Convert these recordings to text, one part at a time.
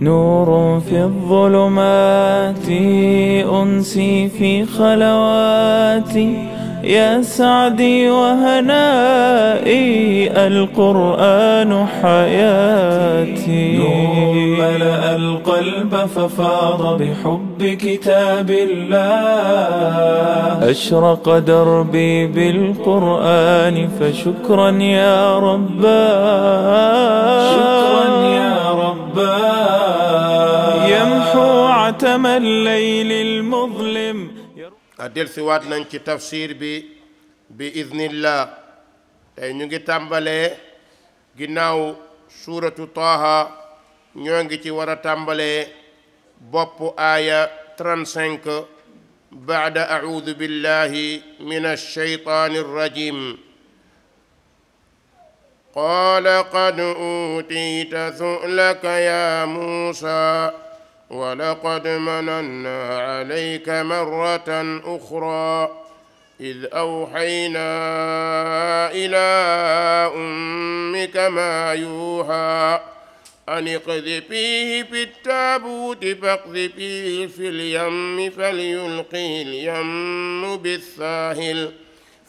نور في الظلمات أنسي في خلواتي يا سعدي وهنائي القرآن حياتي نور ملأ القلب ففاض بحب كتاب الله أشرق دربي بالقرآن فشكرا يا رباه شكرا يا الضباب يمحو عتم الليل المظلم del siwaat nañ ci tafsir bi bi idnillah tey ñu ngi tàmbalee ginnaaw suuratu taaha ñoo ngi ci war a tàmbalee bopp aaya 35 baada audu billahi min alsheytaani arrajim قال قد أوتيت سؤلك يا موسى ولقد مننا عليك مرة أخرى إذ أوحينا إلى أمك ما يوحى أن اقذفيه في التابوت فاقذفيه في اليم فليلقي اليم بالساهل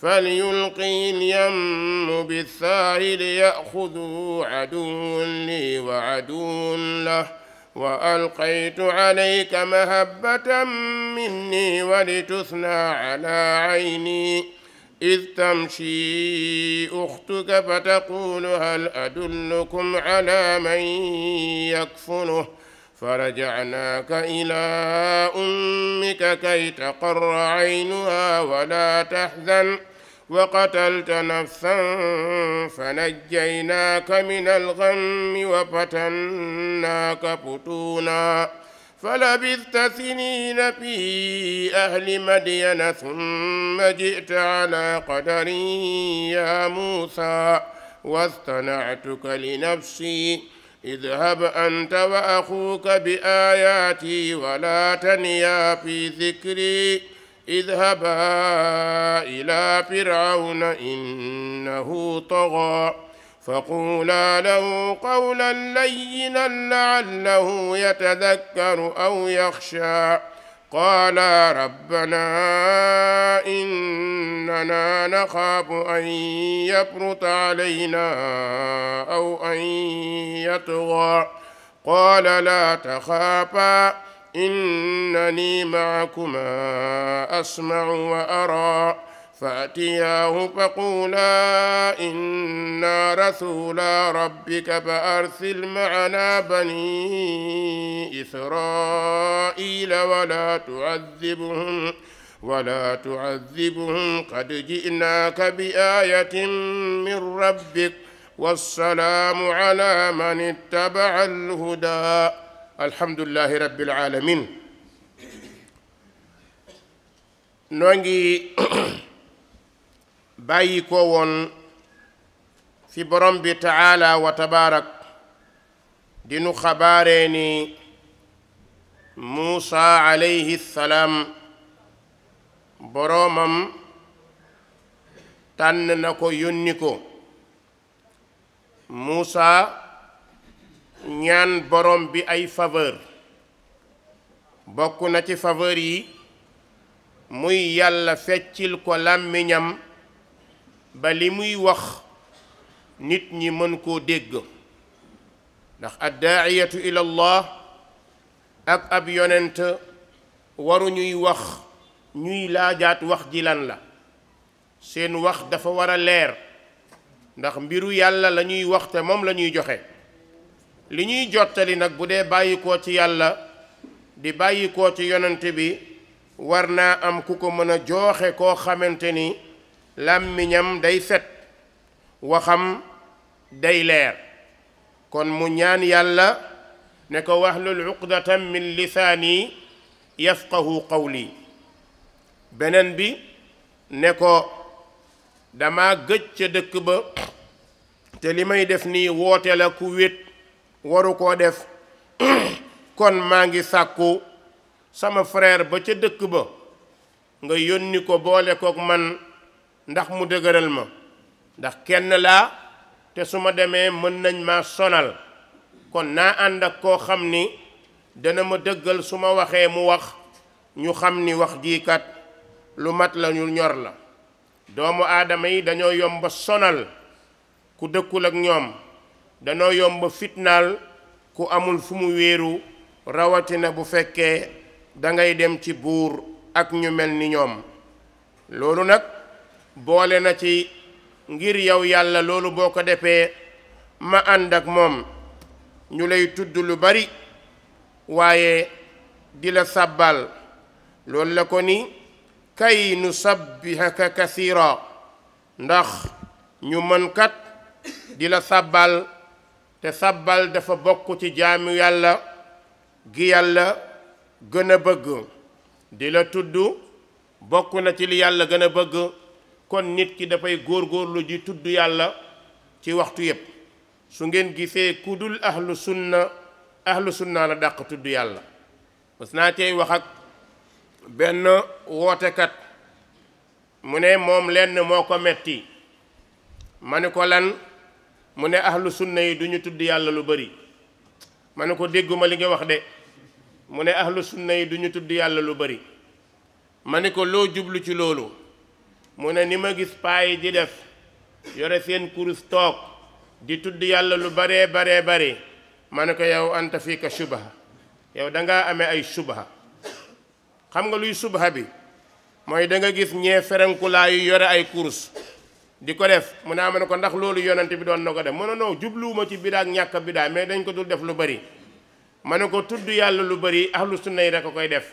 فليلقي اليم بالساحل يأخذه عدو لي وعدو له وألقيت عليك مهبة مني ولتثنى على عيني إذ تمشي أختك فتقول هل أدلكم على من يكفله فرجعناك إلى أمك كي تقر عينها ولا تحزن وقتلت نفسا فنجيناك من الغم وفتناك فتونا فلبثت سنين في أهل مدين ثم جئت على قدر يا موسى واصطنعتك لنفسي اذهب أنت وأخوك بآياتي ولا تنيا في ذكري اذهبا إلى فرعون إنه طغى فقولا له قولا لينا لعله يتذكر أو يخشى qaala rabbanaa innanaa naxaafu an yabruta alaynaa aw an yatgaa qaala laa taxaafaa innanii maakumaa asmau wa araa فأتياه فقولا إنا رسولا ربك فأرسل معنا بني إسرائيل ولا تعذبهم ولا تعذبهم قد جئناك بآية من ربك والسلام على من اتبع الهدى الحمد لله رب العالمين نوانجي bàyyi ko woon fi boroom bi taala wa tabaarak di nu xabaaree ni Muusa alayhi salaam boroomam tànn na ko yónni ko Muusa ñaan boroom bi ay faveur bokk na ci faveur yi muy yàlla feccil ko làmmiñam ba li muy wax nit ñi mën koo dégg ndax addaaciyatu ila allah ak ab yonent waruñuy wax ñuy laajaat wax ji la seen wax dafa war a leer ndax mbiru yàlla lañuy waxte moom la ñuy joxe li ñuy jottali nag bu dee bàyyikoo ci yàlla di bàyyikoo ci yonent bi war naa am ku ko mën a jooxe koo xamante ni làmmiñam day set waxam day leer kon mu ñaan yàlla ne ko wax wahlul uqdatan min lisaani xaw qawli beneen bi ne ko dama gëj ca dëkk ba te li may def nii woote la ku wét waru koo def kon maa ngi sàkku sama frère ba ca dëkk ba nga yónni ko boole kook man ndax mu dëgëral ma ndax kenn laa te su ma demee mën nañ maa sonal kon naa ànd ak koo xam ni dana ma dëggal su ma waxee mu wax ñu xam ni wax jiikat lu mat la ñu ñor la doomu aadama yi dañoo yomba sonal ku dëkkul ak ñoom dañoo yomba fitnaal ku amul fu mu wéeru rawatina bu fekkee dangay dem ci buur ak ñu mel ni ñoom loolu nag boole na ci ngir yow yàlla loolu boo ko defee ma ànd ak moom ñu lay tudd lu bari waaye di la sàbbal loolu la ko ni kay nu sabbihaka kasira ndax ñu mënkat di la sàbbal te sàbbal dafa bokk ci jaamu yàlla gi yàlla gën a bëgg di la tudd bokk na ci li yàlla gën a bëgg kon nit ki dafay góor góorlu ji tudd yàlla ci waxtu yépp su ngeen gisee ku dul ahlu sunna ahlu sunna la dàq tudd yàlla mas naa tey wax ak benn wootekat mu ne moom lenn moo ko metti ma ne ko lan mu ne ahlu sunna duñu tudd yàlla lu bari ma ne ko dégguma li nga wax de mu ne ahlu sunna yi duñu tudd yàlla lu bari ma ne ko loo jublu ci loolu mu ne ni ma gis paay di def yore seen kurus toog di tudd yàlla lu baree baree bare ma ne ko yow anta fii ko subaha yow da ngaa amee ay subaha xam nga luy subaha bi mooy danga gis ñee ferenkulaa yu yore ay kurus di ko def mu naa ah, ma ne ko ndax loolu yonante bi doon na ko def mu ne non jubluwuma ci bidaa ak ñàkk bidaa mais dañ ko dul def lu bari ma ne ko tudd yàlla lu bari ahlu sunna yi rek a koy def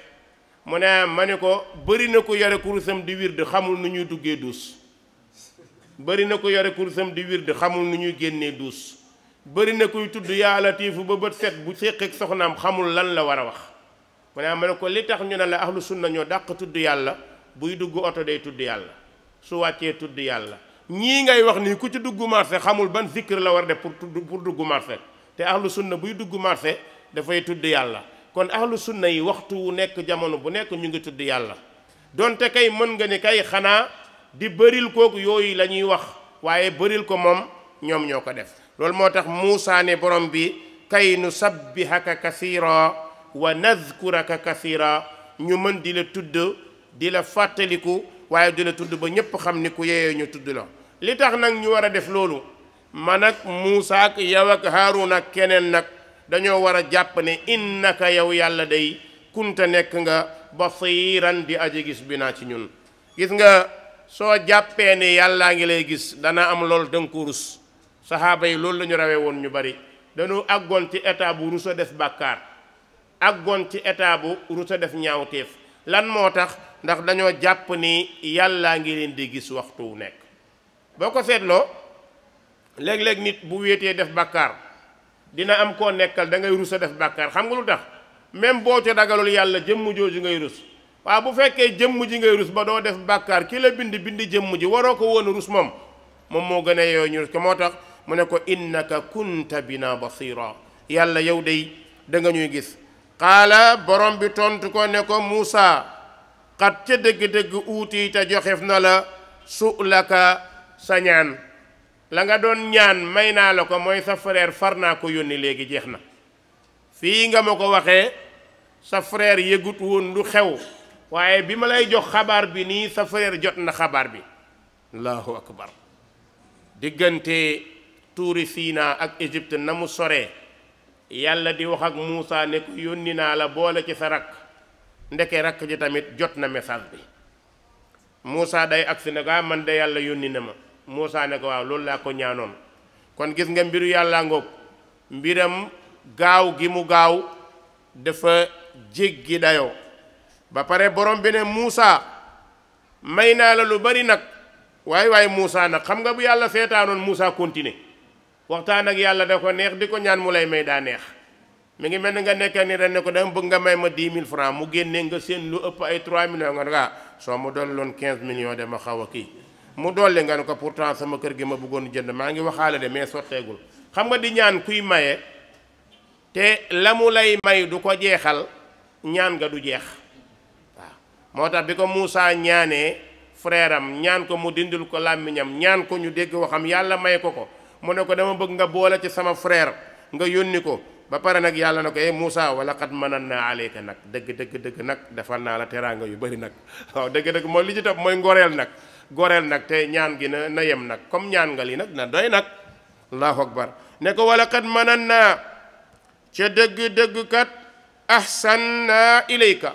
mu ne ma ne ko bëri na ko yore kurusam di wird xamul nu ñuy duggee duus bëri na ko yore kurusam di wird xamul nu ñuy génnee duus bëri na kuy tudd yaa latiifu ba bët set bu séqeeg soxnaam xamul lan la war a wax mu ne ma ne ko li tax ñu ne la axlu sunna ñoo dàq tudd yàlla buy dugg oto day tudd yàlla su wàccee tudd yàlla ñii ngay wax nii ku ci dugg marché xamul ban zikr la war def pour tudd pour dugg marché te ahlu sunna buy dugg marché dafay tudd yàlla kon ahlu sunna yi waxtu wu nekk jamono bu nekk ñu ngi tudd yàlla donte kay mën nga ne kay xanaa di bëril kooku yooyu la ñuy wax waaye bëril ko moom ñoom ñoo ko def loolu moo tax Muusaa ne borom bi kay nu sabbihaka kasira wa nadkuraka kasira ñu mën di la tudd di la fàttaliku waaye di la tudd ba ñépp xam ni ku yeeyee ñu tudd la li tax nag ñu war a def loolu man ak Muusaa ak yow ak keneen nag dañoo war a jàpp ne innaka yow yàlla day kunta nekk nga basiran di aji gis bi naa ci ñun gis nga soo jàppee ne yàllaa ngi lay gis dana am loolu dënku rus saxaaba yi loolu lañu rawee woon ñu bari dañu àggoon ci état bu rus a def bàkkaar àggoon ci état bu rus a def ñaawteef lan moo tax ndax dañoo jàpp ni yàllaa ngi leen di gis waxtu wu nekk boo ko seetloo léeg-léeg nit bu wéetee def bàkkaar dina am koo nekkal da ngay rus a def bàkkaar xam nga lu tax même boo ca dagalul yàlla jëmm jooju ngay rus waaw bu fekkee jëmm ji ngay rus ba doo def bàkkaar ki la bind bind jëmm ji waroo ko woon rus moom moom moo gën a yooyu ñu rus ko moo tax mu ne ko innaka kunta bina basira yàlla yow day da nga ñuy gis xaala borom bi tontu ko ne ko Muusaa xat ca dëgg-dëgg uutii te joxef na la su laka sa ñaan la nga doon ñaan may naa la ko mooy sa frère far naa ko yónni léegi jeex na fii nga ma ko waxee sa frère yëgut woon lu xew waaye bi ma lay jox xabaar bi nii sa frère jot na xabaar bi allahu akbar diggante tuuri Siina ak Égypte na mu soree yàlla di wax ak Muusa ne yónni naa la boole ci sa rakk ndeke rakk ji tamit jot na message bi Muusa day agsi ne ko ah, man de yàlla yónni na ma Moussa ne ko waaw loolu laa ko ñaanoon kon gis nga mbiru yàlla ngoog mbiram gaaw gi mu gaaw dafa jéggi dayoo ba pare borom bi ne Moussa may naa la lu bari nag waaye waaye Moussa nag xam nga bu yàlla seetaanoon Moussa continuer waxtaan ak yàlla da ko neex di ko ñaan mu lay may daa neex mi ngi mel ni nga nekka ni ren ne ko dama bëgg nga may ma 10 mille francs mu génnee nga seen lu ëpp ay 3 millions nga ne ah, soo mu doon loon 15 millions dama xaw a kii mu dolli nga ne ko pourtant sama kër gi ma bëggoon jënd maa ngi waxaale de mais sotteegul xam nga di ñaan kuy maye te la mu lay may du ko jeexal ñaan nga du jeex waaw moo tax bi ko Moussa ñaanee frère ñaan ko mu dindul ko làmmiñam ñaan ko ñu dégg waxam yàlla may ko ko mu ne ko dama bëgg nga boole ci sama frère nga yónni ko ba pare nag yàlla na ko eh Moussa wala xat mënan naa aleyka nag dëgg dëgg dëgg nag defal naa la teraanga yu bari nag waaw dëgg dëgg li ci topp mooy nag goreel nag te ñaan gi na na yem nag comme ñaan nga li nag na doy nag allahu akbar ne ko wala kat manan naa ca dëgg-dëgg kat ahsan naa ilayka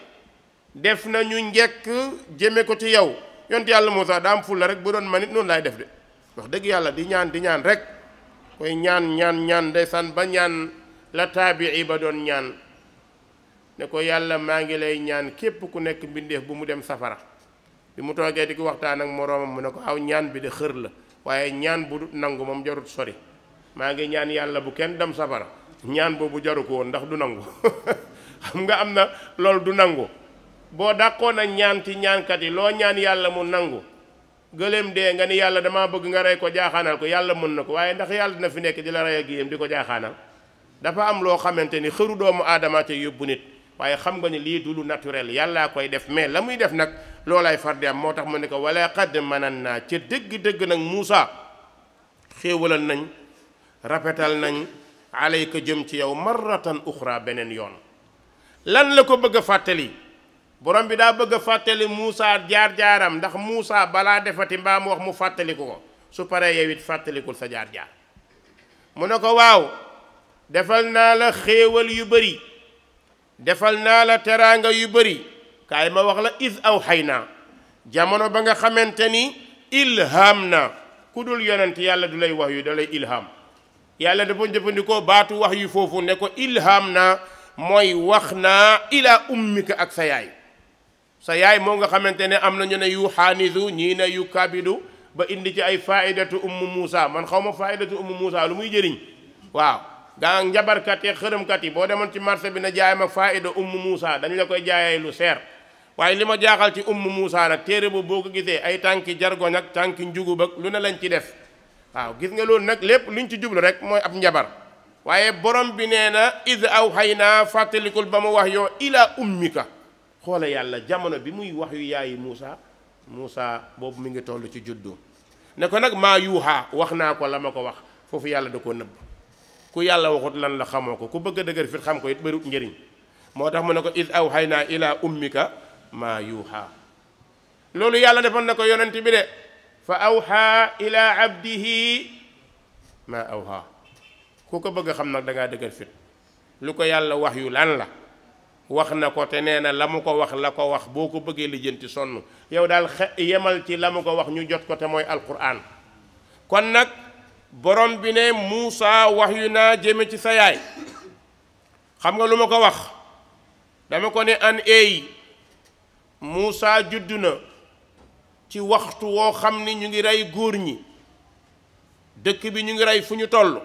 def nañu njëkk jëme ko ci yow yont yàlla Muusaa daa am fulla rek bu doon manit noonu laay def de wax dëgg yàlla di ñaan di ñaan rek koy ñaan ñaan ñaan ndeysaan ba ñaan la taabii ba doon ñaan ne ko yàlla maa ngi lay ñaan képp ku nekk mbindeef bu mu dem safara bi mu toogee di ko waxtaan ak moroomam mu ne ko aw ñaan bi de xër la waaye ñaan bu dut nangu moom jarut sori maa ngi ñaan yàlla bu kenn dem safara ñaan boobu jaru ko woon ndax du nangu xam nga am na loolu du nangu boo dàqoon a ñaan ci ñaankat yi loo ñaan yàlla mu nangu gëléem de nga ni yàlla damaa bëgg nga rey ko jaaxaanal ko yàlla mën na ko waaye ndax yàlla na fi nekk di la rey ak yéem di ko jaaxaanal dafa am loo xamante ni xëru doomu aadama te yóbbu nit waaye xam nga ni lii du lu naturel yàllaa koy def mais la muy def nag loolaay far di am moo tax mu ne ko wala qad manan naa ca dëgg-dëgg nag Muusa xéewalal nañ rafetal nañ alayka jëm ci yow marratan uxra beneen yoon lan la ko bëgg a fàttali borom bi daa bëgg a fàttali Muusa jaar-jaaram ndax Muusa balaa defati mbaa wax mu fàttaliku ko su paree it fàttalikul sa jaar-jaar waaw defal naa la xéewal yu bari defal naa la teraanga yu bari kaay ma wax la is aw xay naa jamono ba nga xamante ni ilham na ku dul yonent yàlla du lay wax yu da lay yàlla dafa jëfandikoo baatu wax yu foofu ne ko ilham naa mooy wax naa ilaa ummika ak sa yaay sa yaay moo nga xamante ne am nañu ne yu xaanisu ñii ne yu kabidu ba indi ci ay faidatu ummu muusa man xaw ma faidatu ummu Moussa lu muy jëriñ waaw gaa njabarkat yi xërëmkat yi boo demoon ci marché bi na jaay ma faida umm Moussa dañu la koy jaayee lu seer waaye li ma jaaxal ci umm Moussa nag téere boobu boo ko gisee ay tànki jargoñ ak tànki njugub ak lu ne lañ ci def waaw gis nga loolu nag lépp luñ ci jublu rek mooy ab njabar waaye borom bi nee na id aw xay naa fàttalikul ba mu wax yoo ila ummika xoola yàlla jamono bi muy wax yu yaayi Moussa Moussa boobu mu ngi toll ci juddu ne ko nag maa wax naa ko la ma ko wax foofu yàlla da koo nëbb ku yàlla waxut lan la xamoo ko ku bëgg a dëgër fit xam ko it bëriwut njëriñ moo tax mu ne ko id aw xay naa ila ummika maa yuuxaa loolu yàlla defoon na ko yonent bi de fa awxaa ila abdihi maa awxaa ku ko bëgg xam nag da ngaa dëgër fit lu ko yàlla wax yu lan la wax na ko te nee na la mu ko wax la ko wax boo ko bëggee lijjanti sonn yow daal yemal ci la mu ko wax ñu jot ko te mooy alquran kon nag borom bi ne Muusa wax yu naa jëme ci sa yaay xam nga lu ma ko wax dama ko ne an eey Muusa judd na ci waxtu woo xam ni ñu ngi rey góor ñi dëkk bi ñu ngi rey fu ñu toll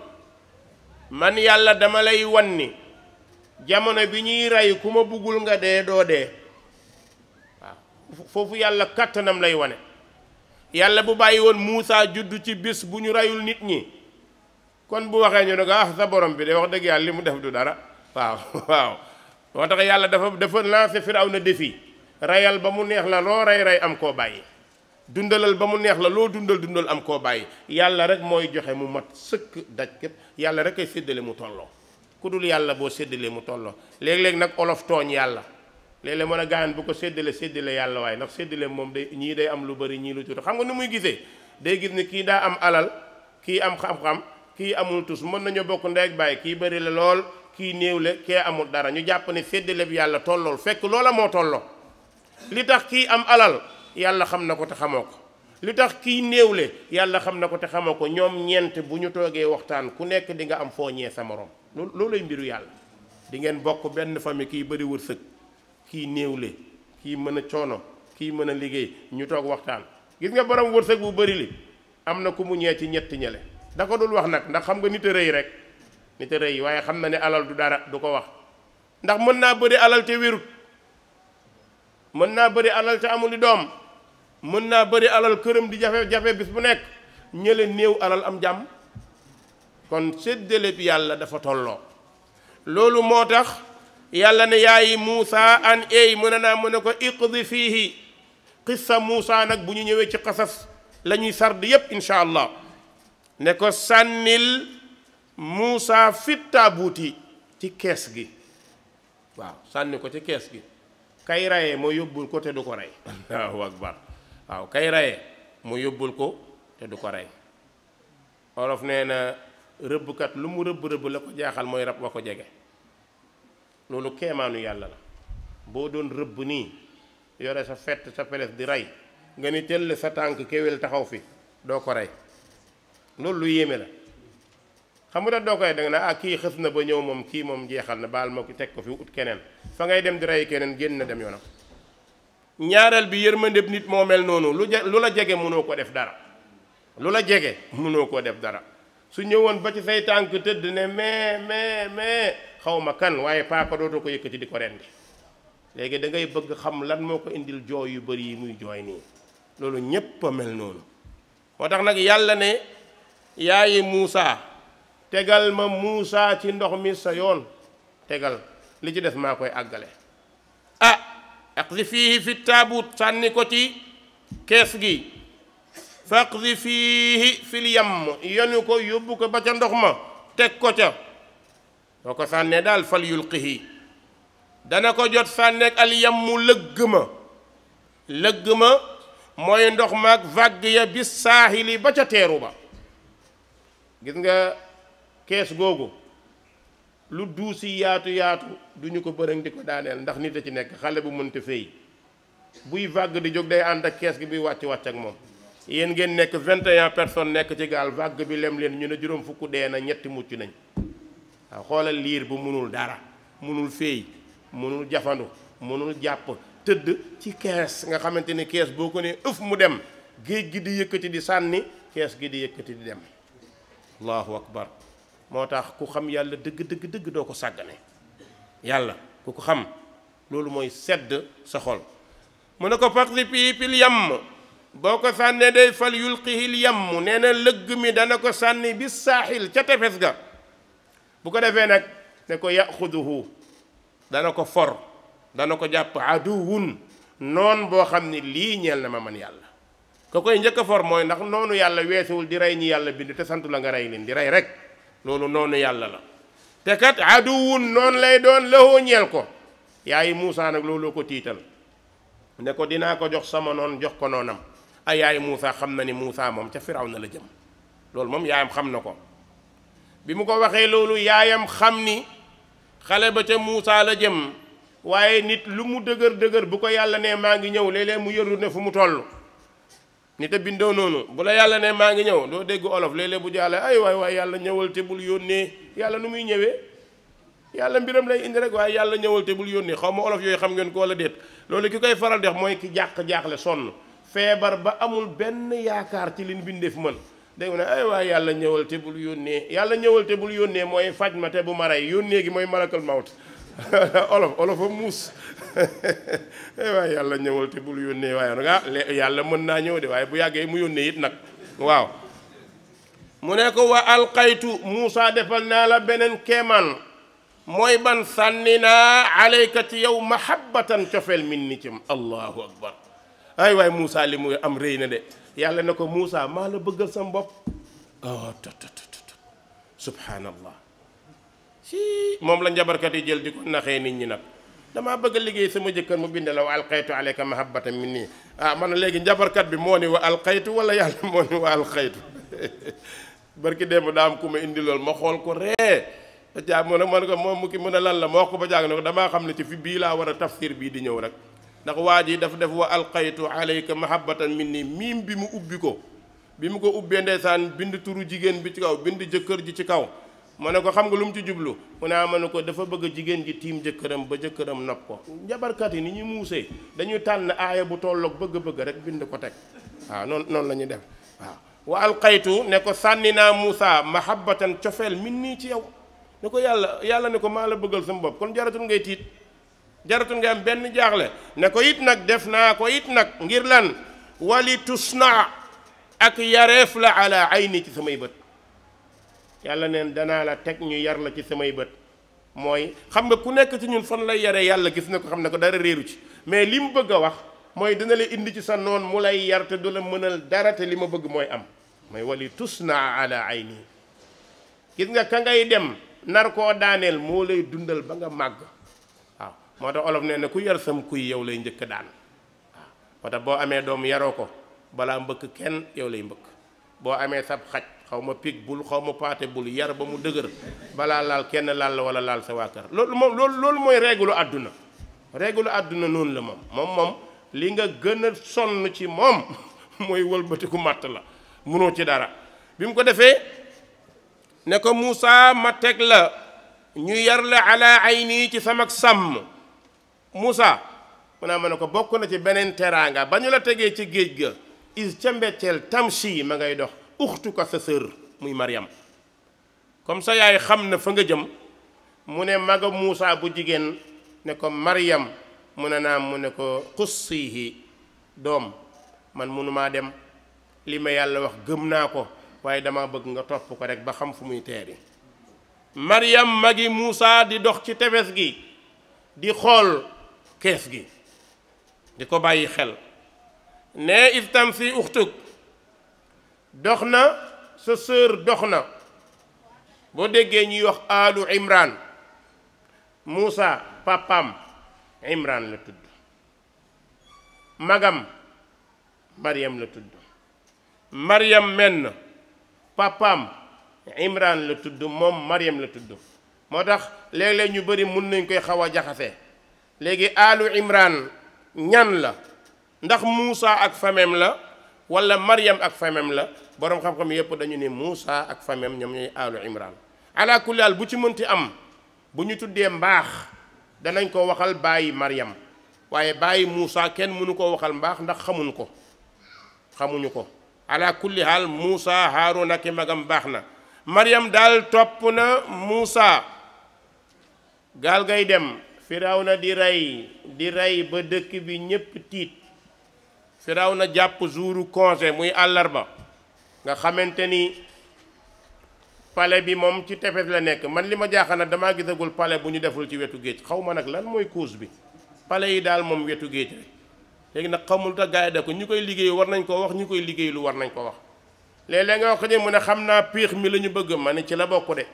man yàlla dama lay wan ni jamono bi ñuy rey ku ma buggul nga dee doo dee foofu yàlla kàttanam lay wane yàlla bu bàyyi woon Muusaa juddu ci bis bu ñu rayul nit ñi kon bu waxee ñu ne ko ah sa borom bi de wax dëgg yàlla li mu def du dara waaw waaw moo tax yàlla dafa dafa lancé na défi reyal ba mu neex la loo rey ray am koo bàyyi dundalal ba mu neex la loo dundal dundal am koo bàyyi yàlla rek mooy joxe mu mat sëkk daj képp yàlla rek ay séddale mu tolloo ku dul yàlla boo séddalee mu tolloo léeg léegi nag olof tooñ yàlla léeg-léeg mën a gaan bu ko séddale séddale yàlla waaye ndax séddale moom day ñii day am lu bëri ñii lu tuuti xam nga nu muy gisee day gis ne kii daa am alal kii am xam-xam kii amul tus mën nañoo bokk ndey ak bàyyi kii bari la lool kii néew la kee amul dara ñu jàpp ne séddale bi yàlla tollool fekk loola moo tolloo li tax kii am alal yàlla xam na ko te xamoo ko li tax kii néew le yàlla xam na ko te xamoo ko ñoom ñeent bu ñu toogee waxtaan ku nekk di nga am foo sa morom loolu lay mbiru yàlla di ngeen bokk benn kii bëri wërsëg kii néewle kii mën a coono kii mën a liggéey ñu toog waxtaan gis nga borom wërsëg bu bari li am na ku mu ñee ci ñetti ñele da ko dul wax nag ndax xam nga nit a rëy rek nit a rëy waaye xam na ne alal du dara du ko wax ndax mën naa bëri alal te wérut mën naa bëri alal te amul doom mën naa bëri alal këram di jafe-jafe bis bu nekk ñële néew alal am jàmm kon séddale bi yàlla dafa tolloo loolu moo tax yàlla ne yaayi Moussa an eey mën naa mën ne ko iqdi fiihi qissa Moussa nag bu ñu ñëwee ci xasas la ñuy sard yépp incha allah ne ko sànnil Moussa fit taabuut ci kees gi waaw sànni ko ci kees gi kay rayee moo yóbbul ko te du ko rey waaw kay rayee moo yóbbul ko te du ko rey olof nee na rëbbkat lu mu rëbb rëbb la ko jaaxal mooy rab wa ko jege loolu keemaanu yàlla la boo doon rëbb nii yore sa fett sa peles di rey nga ni tell sa tànk kéwél taxaw fi doo ko rey loolu lu yéeme la xam nga doo koy danga ne ak ah, kii xës na ba ñëw moom kii moom jeexal na baal ma ko teg ko fi ut keneen fa ngay dem di rey keneen génn na dem yoonam ñaareel bi yërmandeb nit moo mel noonu lu ja lu la jege mënoo ko def dara lu la jege mënoo koo def dara su ñëwoon ba ci say tànk tëdd ne mais mais mais xawma ma kan waaye paaka dootoo ko yëkkati di ko rendi léegi da ngay bëgg xam lan moo ko indil jooy yu bëri yi muy jooy nii loolu ñépp a mel noonu moo tax nag yàlla ne yaayi Muusa tegal ma Muusa ci ndox mi sa yoon tegal li ci def maa koy àggale ah aqdi fiihi fi taabut sànni ko ci kees gi faqdi fiihi fil yamm yenu ko yóbbu ko ba ca ndox ma teg ko ca soo ko sànnee daal fal yulqihi dana ko jot sànneeg al yammu lëgg ma lëgg ma mooy ndox maag vague ya bis saahili ba ca teeru ba gis nga kees googu lu duusi yaatu yaatu duñu ko bërëng di ko daaneel ndax nit a ci nekk xale bu mënta fey buy vague di jóg day ànd ak kees gi buy wàcc wàcc ak moom yéen ngeen nekk 21 personnes nekk ci gaal vague bi lem leen ñu ne juróom fukk dee na ñetti mucc nañ xoolal liir bu mënul dara mënul féey mënul jafandu mënul jàpp tëdd ci kees nga xamante ni kees boo ko nee ëf mu dem géej gi di yëkkati di sànni kees gi di yëkkati di dem allahu akbar moo tax ku xam yàlla dëgg dëgg dëgg doo ko sàggane yàlla ku ko xam loolu mooy sedd sa xol mu ne ko faxdi fii fil yamm boo ko sànnee day fal yulqihil yamm nee na lëgg mi dana ko sànni bi saaxil ca tefes ga bu ko defee nag ne ko yaxuduhu dana ko for dana ko jàpp aduwun noon boo xam ni lii ñeel na ma man yàlla ko koy njëkk for mooy ndax noonu yàlla weesuwul di rey ñi yàlla bind te santu la nga rey leen di rey rek loolu noonu yàlla la te kat aduwun noonu lay doon lëhoo ñeel ko yaayi Muusa nag looloo ko tiital ne ko dinaa ko jox sama noon jox ko noonam ay yaay Moussa xam na ni Moussa moom ca Firawna la jëm loolu moom yaayam xam na ko bi mu ko waxee loolu yaayam xam ni xale ba ca Moussa la jëm waaye nit lu mu dëgër dëgër bu ko yàlla ne maa ngi ñëw léeg mu yëru ne fu mu toll nit a bindoo noonu bu la yàlla nee maa ngi ñëw doo dégg olof léeg bu jàllee ay waay waay yàlla ñëwal te bul yónnee yàlla nu muy ñëwee yàlla mbiram lay indi rek waaye yàlla ñëwal te bul yónnee xaw ma olof yooyu xam ngeen ko wala loolu ki koy faral def ki jàq jaaxle sonn feebar ba amul benn yaakaar ci liñ bindeef mën dégg nga ne ay yàlla ñëwal te bul yónnee yàlla ñëwal te bul yónnee mooy faj ma te bu ma rey yónnee gi mooy malakal mawt olof olof muus ay waay yàlla ñëwal te bul yónnee waaye nag ah yàlla mën naa ñëw de waaye bu yàggee mu yónnee it nag waaw mu ne ko wa alqaytu Muusa defal naa la beneen kemaan mooy ban sànni naa ci yow mahabbatan cofeel min ni cam allahu akbar ay waay Moussa li muy am réy na de yàlla na ko Moussa maa la bëggal sam bopp oh tototottot subhanallah moom la njabarkat yi jël di ko naxee nit ñi nag damaa bëgg a liggéey sama jëkkër mu bind la wa alqaytu alayka mahabbatan minni ah bi moo ni wa wala yàlla moo ni wa alqaytu barki démb daa am ku ma indi lool ma xool ko ree ta jaab mu ne ko moom mu ki mën a lan la ma wax ko ba jàng ne ko damaa xam ne ci fi bii laa war a tafsir bii di ñëw rek ndax waa ji dafa def wa alqaytu alayka mahabbatan nii miim bi mu ubbi ko bi mu ko ubbee ndeysaan bind turu jigéen bi ci kaw bind jëkkër ji ci kaw ma ne ko xam nga lu mu ci jublu mu ne ah, ma ne ko dafa bëgg jigéen ji tiim jëkkëram ba jëkkëram nopp ko njabarkat yi ni ñu muusee dañuy tànn aaya bu tolloog bëgg-bëgg rek bind ko teg waaw noon noonu la ñuy def waaw wa alqaytu ne ko sànni naa Moussa mahabbatan cofeel min nii ci yow ne ko yàlla yàlla ne ko maa la bëggal sama bopp kon jaratul ngay tiit jaratul nga am benn jaaxle ne ko it nag def naa ko it nag ngir lan wali tusna ak yareef la ay ayni ci samay bët yàlla neen danaa la teg ñu yar la ci samay bët mooy xam nga ku nekk ci ñun fan lay yare yàlla gis na ko xam ne ko dara réeru ci mais li mu bëgg a wax mooy dina la indi ci sa noon mu lay yar te du la mënal dara te li ma bëgg mooy am mooy wali tusna ala ayni gis nga ka ngay dem nar koo daaneel moo lay dundal ba nga màgg moo tax olof nee ne ku yar sam kuy yow lay njëkk daan waaw moo boo amee doom yaroo ko balaa mbëkk kenn yow lay mbëkk boo amee sab xaj xaw ma pig bul xaw ma paate bul yar ba mu dëgër balaa laal kenn laal la wala laal sa waa kër loolu moom loolu mooy réglu àdduna réglu àdduna noonu la moom moom moom li nga gën sonn ci moom mooy walbatiku màtt la munoo ci dara bi mu ko defee ne ko Moussa ma teg la ñu yar la ala ay nii ci samak sàmm Moussa mu naa ma ne ko bokk na ci beneen teraanga ba ñu la tegee ci géej ga is ca mbecceel tamshi ma ngay dox uxtu ko sa sër muy Mariam comme sa yaay xam na fa nga jëm mu ne maga muusa bu jigéen ne ko Mariam mu ne naa mu ne ko xussiihi doom man mënumaa dem li ma yàlla wax gëm naa ko waaye dama bëgg nga topp ko rek ba xam fu muy teeri Mariam magi Moussa di dox ci tefes gi di xool kees gi di ko bàyyi xel ne iftam si uxtug dox na sa sœur dox na boo déggee ñuy wax alu imran Moussa papam imran la tudd magam Mariam la tudd mariyam menn papam imran la tudd moom Mariam la tudd moo tax léeg-léeg ñu bëri mun nañ koy xaw a jaxase léegi alu imran ñan la ndax Muusa ak famem la walla mariyam ak famem la boroom xam-xam yépp dañu ni Muusa ak famem ñoom ñooy alu imran ala kulli haal bu ci mënti am bu ñu tuddee mbaax danañ ko waxal bàyyi mariyam waaye bàyyi Muusa kenn mënu koo waxal mbaax ndax xamuñu ko xamuñu ko ala kulli haal Muusa Haaruna ak magam baax na mariyam daal topp na Muusa gaal gay dem na di rey di rey ba dëkk bi ñépp tiit na jàpp jouru congé muy àllarba nga xamante ni pale bi moom ci tefes la nekk man li ma jaaxal dama damaa gisagul pale bu ñu deful ci wetu géej xaw ma nag lan mooy cause bi pale yi daal moom wetu géej rek léegi nag xamul tax gars yi da ko ñu koy liggéey war nañ koo wax ñu koy liggéey lu war nañ ko wax léeg-léeg nga wax ne mu ne xam naa piix mi la ñu bëgg ma ne ci la bokk de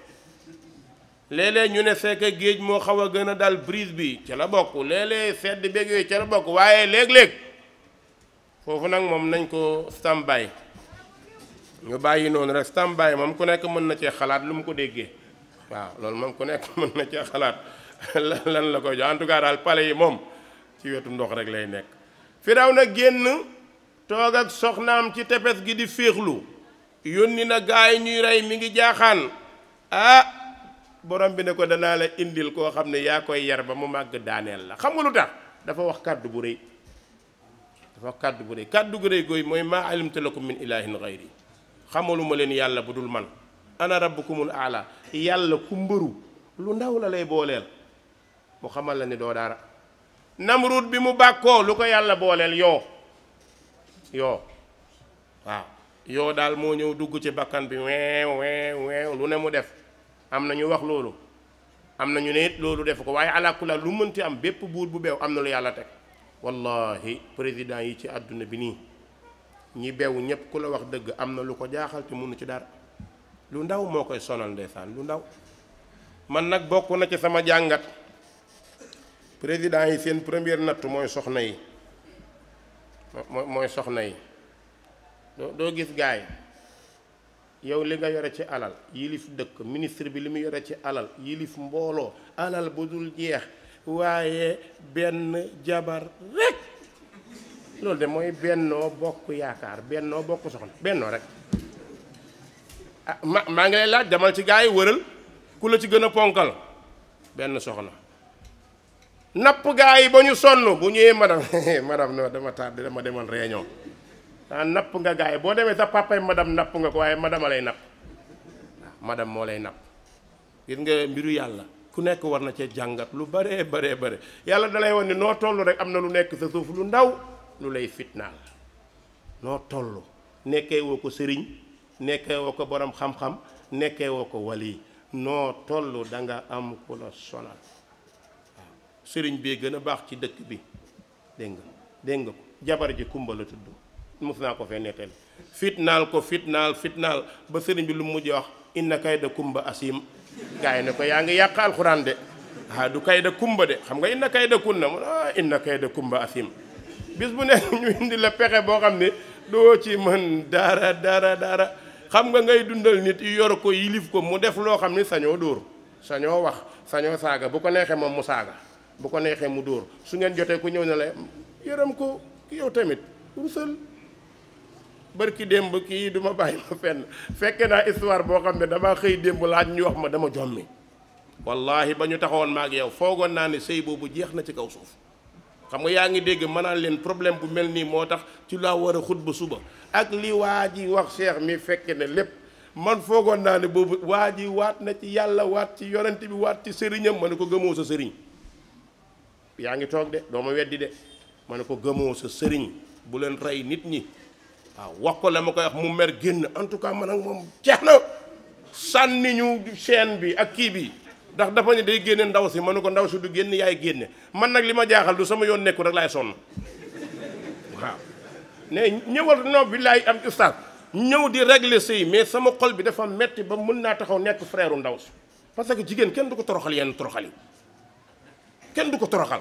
léeg ñu ne fekk géej moo xaw a gën a dal brise bi ca la bokk léeg-léeg sedd beeg yooyu la bokk waaye léeg-léeg foofu nag moom nañ ko standby ñu bàyyi noonu rek standby moom ku nekk mën na cee xalaat lu mu ko déggee waaw loolu moom ku nekk mën na cee xalaat lan la koy jox en daal pale yi moom ci wetu ndox rek lay nekk Firawna génn toog ak soxnaam ci tefes gi di féexlu yónni na gaay ñuy rey mi ngi jaaxaan ah borom bi ne ko danaa la indil koo xam ne yaa koy yar ba mu màgg daaneel la xam nga lu tax dafa wax kàddu bu rëy dafa wax kàddu bu rëy kàddu gu rëy gooy mooy maa alimtu lakum min ilahin lu ma leen yàlla bu dul man ana rabbukumul aala yàlla ku mbëru lu ndaw la lay booleel mu xamal la ni doo dara namrud bi mu bàkkoo lu ko yàlla booleel yoo yoo waaw yoo daal moo ñëw dugg ci bakkan bi weew weew weew lu ne mu def am na ñu wax loolu am na ñu ne it loolu def ko waaye alaakulaa lu mënti am bépp buur bu beew am na lu yàlla teg wallahi président yi ci àdduna bi nii ñi beew ñépp ku la wax dëgg am na lu ko jaaxal te mënu ci dara lu ndaw moo koy sonal ndeysaan lu ndaw man nag bokk na ci sama jàngat président yi seen première natt mooy soxna yi mooy soxna yi doo doo gis gaay yow li nga yore ci alal yilif dëkk ministre bi li mu yore ci alal yilif mbooloo alal bu dul jeex waaye benn jabar rek loolu de mooy bennoo bokk yaakaar bennoo bokk soxna bennoo rek ah ma maa ngi lay laaj demal ci gaa yi wëral ku la ci gën a ponkal benn soxna napp gaa yi ba ñu sonn bu ñëwee madame madame non dama tardé dama demoon réunion ah napp nga gaay boo demee sa papay madam napp nga ko waaye madame lay napp ah, madame moo lay napp gis nga mbiru yàlla ku nekk war na cee jàngat lu bëree bëree bëri yàlla dalay wan ni noo toll rek am na lu nekk sa suuf lu ndaw lu lay fitnaal noo toll nekkee woo ko sëriñ nekkee woo ko borom xam-xam nekkee woo ko wali noo toll danga nga am ku la sonal sëriñ bee gën a baax ci dëkk bi dégg nga dégg nga ko jabar ji kumba la tudd mos naa ko fee nettali fitnaal ko fitnaal fitnaal ba sëriñ bi lu mu mujj wax inna kayda kumba asim gars yi ne ko yaa ngi yàq alxuraan de ah du kayda kumba de xam nga inna kayda kunna mu ah inna kayda kumba asim bis bu nekk ñu indi la pexe boo xam ne doo ci mën dara dara dara xam nga ngay dundal nit yor ko yilif ko mu def loo xam ni sañoo dóor sañoo wax sañoo saaga bu ko neexee moom mu saaga bu ko neexee mu dóor su ngeen jotee ku ñëw ne la yërëm ko yow tamit rusal bërki démb kii du ma bàyyi ma fenn fekke naa histoire boo xam ne damaa xëy démb laaj ñu wax ma dama jommi wallahi ba ñu taxawoon ma ak yow foogoon naa ne sëy boobu jeex na ci kaw suuf xam nga yaa ngi dégg ma leen problème bu mel nii moo tax ci laa war a suba ak li waa ji wax cheikh mi fekke ne lépp man foogoon naa ne boobu waa ji waat na ci yàlla waat ci yonent bi waat ci sëriñam ma ne ko gëmoo sa sëriñ yaa ngi toog de doo ma weddi de ma ne ko gëmoo sa sëriñ bu leen rey nit ñi waaw ah, wax ko la ma koy wax mu mer génn en tout cas man ak moom jeex na sànni ñu chaîne bi ak kii bi ndax dafa ne day génne ndaw si ma ne ko ndaw si du génn yaay génne man nag li ma jaaxal du sama yoon nekku rek laay sonn waaw ne ñëwal non bi laay am ustaas ñëw di régler sëy mais sama xol bi dafa metti ba mën naa taxaw nekk frère ndaw si parce que jigéen kenn du ko toroxal yenn toroxal yi kenn du ko toroxal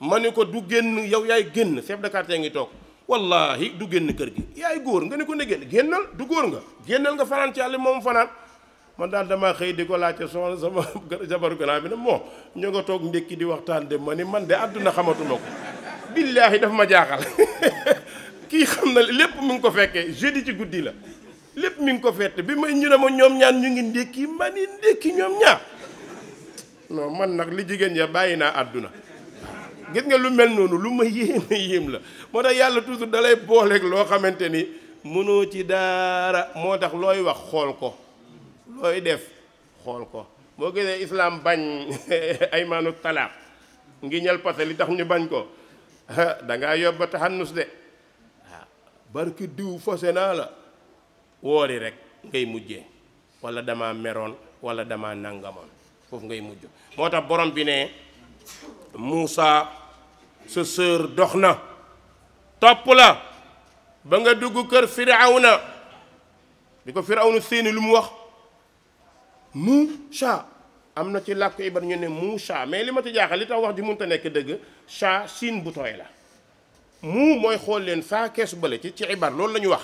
ma ne ko du génn yow yaay génn chef de quartier ngi toog wallahi du génn kër gi yaay góor nga ne ko ne génnal du góor nga génnal nga fanaan ci àll moom fanaan man daal damaa xëy di ko laajte soxna sama jabaru gannaaw bi ne moo ñoo nga toog ndékki di waxtaan dem ma ni man de àdduna xamatuma ko billaahi dafa ma jaaxal kii xam na lépp mu ngi ko fekkee jeudi ci guddi la lépp mu ngi ko fette bi may ñu ma ñoom ñaan ñu ngi ndékki ma ni ndékki ñoom ñaar non man nag li jigéen ya bàyyi naa àdduna gis nga lu mel noonu lu ma yéem yéem la moo tax yàlla toujours da lay booleeg loo xamante ni mënoo ci daara moo tax looy wax xool ko looy def xool ko boo gisee islaam bañ ay maanu talaaq ngi ñal parce li tax ñu bañ ko da ngaa yóbba taxannus de ah, barki diw fase naa la woori rek ngay mujjee wala dama meroon wala dama nangamoon foofu ngay mujj moo tax borom bi ne Moussa sa sœur dox na topp la ba nga dugg kër na bi ko Firawna séeni lu mu wax Moussa am na ci làkk ibar ñu ne Moussa mais li ma ci jaaxal li tax wax ji mënta nekk dëgg saa siin bu tooy la mu mooy xool leen saa keesu bale ci ci ibar loolu la ñu wax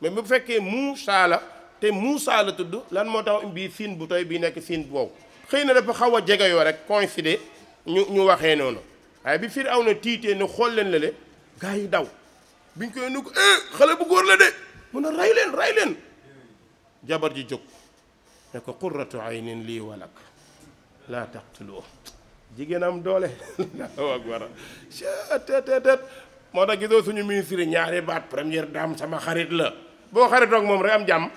mais bu fekkee Moussa la te muu Moussa la tudd lan moo tax bii siin bu tooy bii nekk siin boobu xëy na dafa xaw a jegeyoo rek coïncider ñu ñu waxee noonu waaye bi na tiitee ne xool leen la le gars yi daw biñ koy nu ko eh xale bu góor la de mun a rey leen rey leen jabar ji jóg ne ko qurratu aynin lii walak laa taqtuloo jigéen am doole wag war a tet moo tax gisoo suñu ministre ñaari baat première dame sama xarit la boo xaritoo ak moom rek am jàmm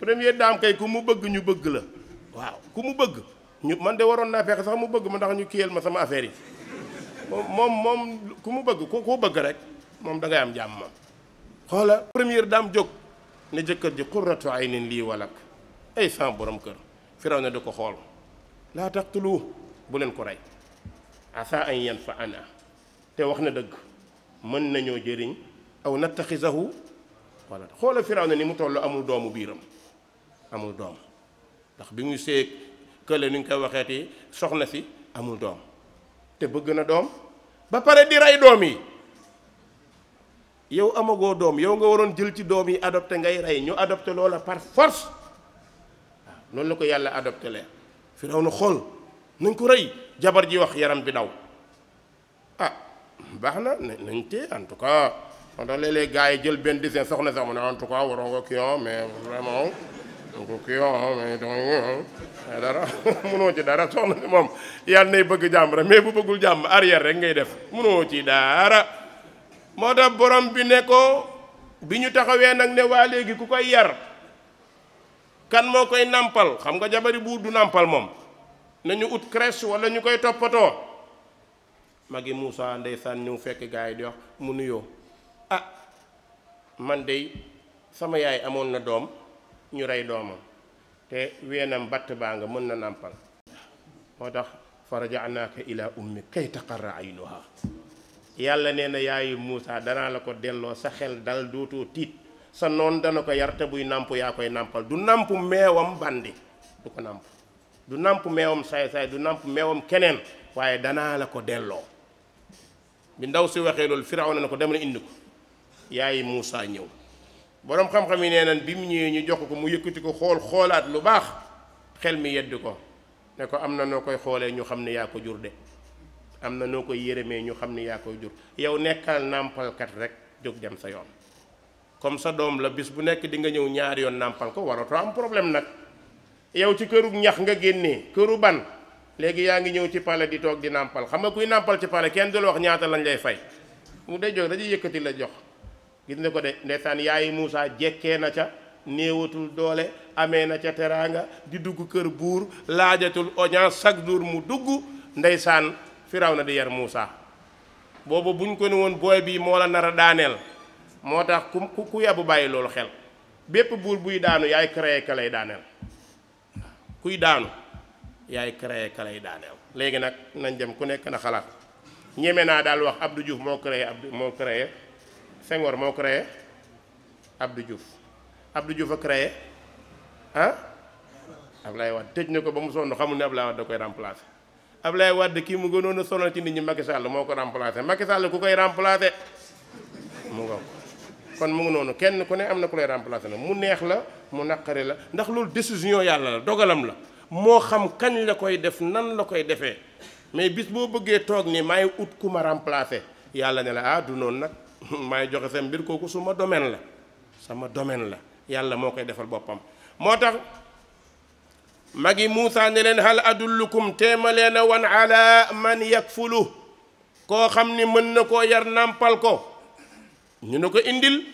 première dame kay ku mu bëgg ñu bëgg la waaw ku mu bëgg ñu man de waroon naa fexe sax mu bëgg ma ndax ñu kiyal ma sama affaire yi moom moom ku mu bëgg koo koo bëgg rek moom da ngay am jàmm ma xoola première dame jóg ne jëkkër ji qurratu aynin lii walak ay sans borom kër firaw na da ko xool laa taqtulu bu leen ko rey asa an yanfa'ana te wax na dëgg mën nañoo jëriñ aw nattaxisahu xoola xoola firaw na ni mu toll amul doomu biiram amul doom ndax bi muy seeg kële nu ñu koy waxeeti soxna si amul doom te bëgg na doom ba pare di rey doom yi yow amagoo doom yow nga waroon jël ci doom yi adopté ngay rey ñu adopté loola par force waaw noonu la ko yàlla adopté leen na xool nañ ko rey jabar ji wax yaram bi daw ah baax na nañ te en tout cas on dirait léeg-léeg yi jël benn dessin soxna sax mu ne en tout cas waroon nga kii ah, mais vraiment. ko kii o dara munoo ci dara soxna si moom yàlla nay bëgg jàmm rek mais bu bëggul jàmm arrière rek ngay def munoo ci dara moo tax borom bi nekkoo bi ñu taxawee nag ne waa léegi ku koy yar kan moo koy nàmpal xam nga jabari buur du nàmpal moom nañu ut crèche wala ñu koy toppatoo magi Moussa ndeysaan ñu fekk gars yi di wax mu nuyoo ah man dey sama yaay amoon na doom ñu rey doomam te weenam batt baa nga mën na nàmpal moo tax farajaanaaka ila ummi kay taqarra aynuha yàlla nee na yaayu Muusa danaa la ko delloo sa xel dal dootoo tiit sa noon dana ko yar buy nàmp yaa koy nàmpal du nàmp meewam bandi du ko nàmp du nàmp meewam saay-saay du nàmp meewam keneen waaye danaa la ko delloo bi ndaw si waxee loolu Firawna na ko dem na indi ko yaayi Muusa ñëw boroom xam-xam yi nee nan bi mu ñëwee ñu jox ko mu yëkkati ko xool xoolaat lu baax xel mi yedd ko ne ko am na noo koy xoolee ñu xam ne yaa ko jur de am na noo koy yërëmee ñu xam ne yaa koy jur yow nekkal nàmpalkat rek jóg dem sa yoon comme sa doom la bis bu nekk di nga ñëw ñaari yoon nàmpal ko waratoo am problème nag yow ci këru ñax nga génnee këru ban léegi yaa ngi ñëw ci pale di toog di nàmpal xam nga kuy nàmpal ci pale kenn du la wax ñaata lañ lay fay mu day jox dañuy yëkkati la jox gis nga ko de ndeysaan yaay Moussa jekkee na ca néewatul doole amee na ca teraanga di dugg kër buur laajatul audience chaque jour mu dugg ndeysaan firaw na di yar Moussa boobu buñ ko ne woon booy bii moo la nar a daaneel moo tax ku ku yabu bàyyi loolu xel bépp buur buy daanu yaay créé ka lay daaneel kuy daanu yaay créé ka lay daaneel léegi nag nañ dem ku nekk na xalaat ñeme naa daal wax Abdou Diouf moo créé Abdou moo créé Senghor moo créé Abdou Diouf Abdou Diouf a créé ah Ablaye Wade tëj na ko ba mu sonn xamul ne ab Wade da koy remplacé Ablaye Wade kii mu gënoon a sonal ci nit ñi Macky Sall moo ko remplacé Macky Sall ku koy remplacé mu kon mu noonu kenn ku ne am na ku lay remplacé na mu neex la mu naqari la ndax loolu décision yàlla la dogalam la moo xam kañ la koy def nan la koy defee mais bis boo bëggee toog ni maay ut ku ma remplacé yàlla ne la ah du noonu nag. maay joxe sa mbir kooku suma domaine la sama domaine la yàlla moo koy defal boppam moo tax mag yi Muusa ne leen hal adullukum téema leen a wan ala man yakfulu koo xam ni mën na koo yar nàmpal ko ñu ne ko indil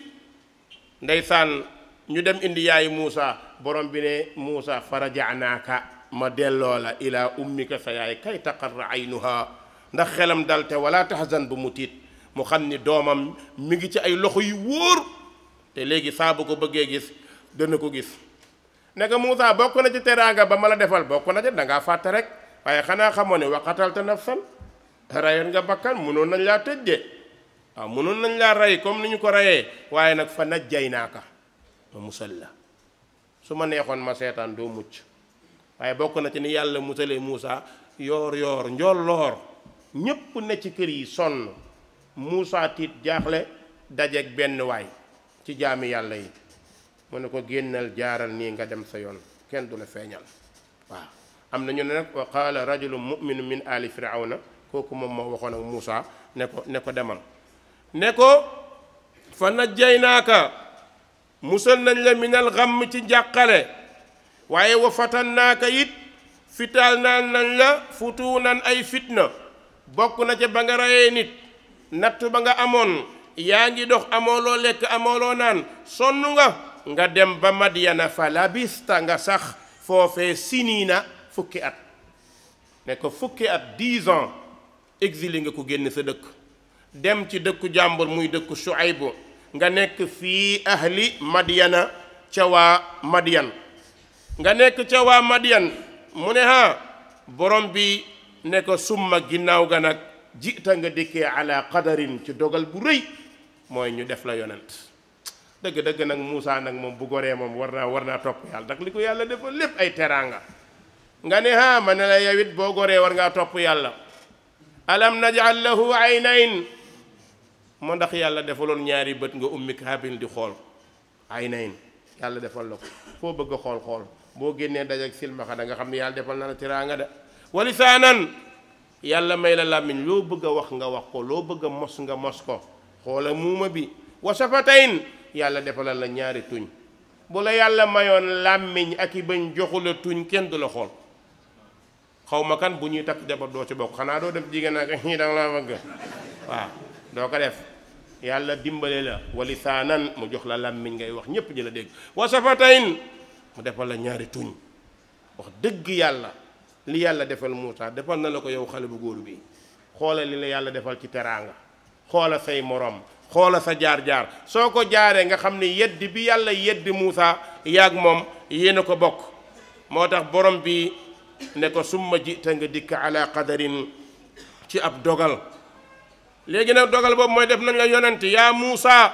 ndeysaan ñu dem indi yaayu Muusa borom bi ne Muusa farajaanaaka ma delloo la ilaa ummika sa yaay kay taqarra aynuha ndax xelam dal te wala tahzan bu mu tiit mu xam ni doomam mu ngi ci ay loxo yu wóor te léegi saa bu ko bëggee gis dana ko gis ne ko bokk na ci teraanga ba ma la defal bokk na ci da ngaa fàtte rek waaye xanaa xamoo ne waqatal te nafsan rayoon nga bakkan mënoon nañ laa tëj de waaw mënoon nañ laa rey comme ni ñu ko reyee waaye nag fa najjay naa ka ma musal la su ma neexoon ma seetaan doo mucc waaye bokk na ci ni yàlla musalee muusa yoor yoor njool loor ñépp ne ci kër yi sonn Moussa tiit jaaxle dajeeg benn waay ci jaami yàlla yi mu ne ko génnal jaaral nii nga dem sa yoon kenn du la feeñal waaw am na ñu ne nag wa qaala rajulun mu'minun min ali firawna kooku moom moo waxoon ak Moussa ne ko ne ko demal ne ko fa najjaynaaka musal nañ la minal xamm ci njàqale waaye wa fatannaaka it fitaal naan nañ la futuunan ay fitna bokk na ca ba nga rayee nit natt ba nga amoon yaa ngi dox amoo loo lekk amoo loo naan sonn nga nga dem ba madiyana fa labista nga sax foofee siniina fukki at ne ko fukki at dix ans exilé nga ko génn sa dëkk dem ci dëkku jàmbur muy dëkku Shuaybu nga nekk fii ahli Madyana ca waa Madyan nga nekk ca waa Madyan mu ne ha borom bi ne ko summa ginnaaw ga nag jita nga dikkee ala qadarin ci dogal bu rëy mooy ñu def la yonent dëgg-dëgg nag Moussa nag moom bu goree moom war naa war naa topp yàlla ndax li ko yàlla defal lépp ay teraanga nga ne ha ma ne la yow boo goree war ngaa topp yàlla alam najal lahu aynayn moo ndax yàlla defaloon ñaari bët nga ummi kaabil di xool aynayn yàlla defal la ko foo bëgg xool xool boo génnee dajak silmaxa da nga xam ne yàlla defal na la teraanga de walisaanan yàlla may la làmmiñ loo bëgg a wax nga wax ko loo bëgg a mos nga mos ko xoola muuma bi wa safatayn yàlla defalal la ñaari tuñ bu la yàlla mayoon làmmiñ ak yi bañ joxu la tuñ kenn du la xool xaw ma kan bu ñuy takk jabar doo ci bokk xanaa doo def jigéen ak ñii danga laa bëgg waaw doo ko def yàlla dimbale la wa mu jox la làmmiñ ngay wax ñépp di la dégg wa safatayn mu defal la ñaari tuñ wax dëgg yàlla li yàlla defal Moussa defal na la ko yow xale bu góor bi xoola li la yàlla defal ci teraanga xoola say moroom xoola sa jaar-jaar soo ko jaaree nga xam ne yeddi bi yàlla yeddi Moussa yaag moom yéen a ko bokk moo tax borom bi ne ko summa jita nga dikk ala qadarin ci ab dogal léegi nag dogal boobu mooy def nañ la yonent yaa Moussa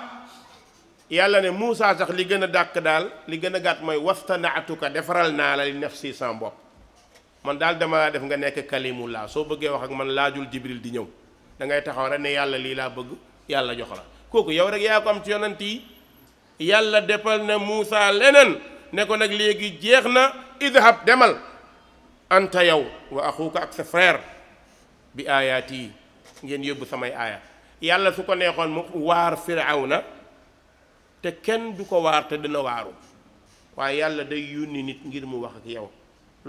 yàlla ne Moussa sax li gën a dàkk daal li gën a gàtt mooy wastanaatuka defaral naa la li si saa bopp man daal dama def nga nekk laa soo bëggee wax ak man laajul jibril di ñëw dangay taxaw rek ne yàlla lii laa bëgg yàlla jox la kooku yow rek yaa ko am ci yonent yi yàlla defal na Muusa leneen ne ko nag léegi jeex na idhab demal anta yow wa axuuka ak sa frère bi aayaat yi ngeen yóbbu samay aaya yàlla su ko neexoon mu waar firawna te kenn du ko waar te dina waaru waaye yàlla day yónni nit ngir mu wax ak yow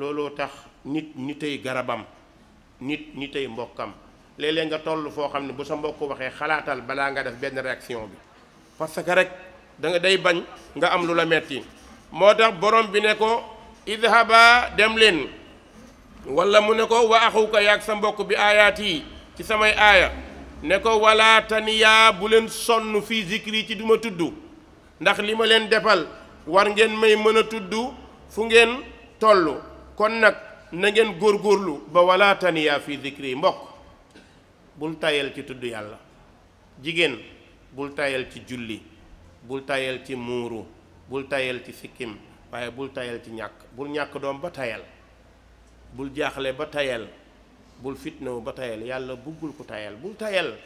looloo tax nit ñi tey garabam nit ñi tey mbokkam léeg nga toll foo xam ne bu sa mbokk waxee xalaatal balaa nga def benn réaction bi parce que rek da nga day bañ nga am lu la metti moo tax borom bi ne ko idhaba dem leen wala mu ne ko wa ak sa mbokk bi aayaat yi ci samay aaya ne ko wala taniyaa bu leen sonn fii zikri ci duma tudd ndax li ma leen defal war ngeen may mën a tudd fu ngeen tollu kon nag na góor góorlu ba wala taniyaa fi zikri mbokk bul tayal ci tudd yàlla jigéen bul tayal ci julli bul tayal ci muuru bul tayal ci sikkim waaye bul tayal ci ñàkk bul ñàkk doom ba tayal bul jaaxle ba tayal bul fitnawu ba tayal yàlla buggul ko tayal bul tayal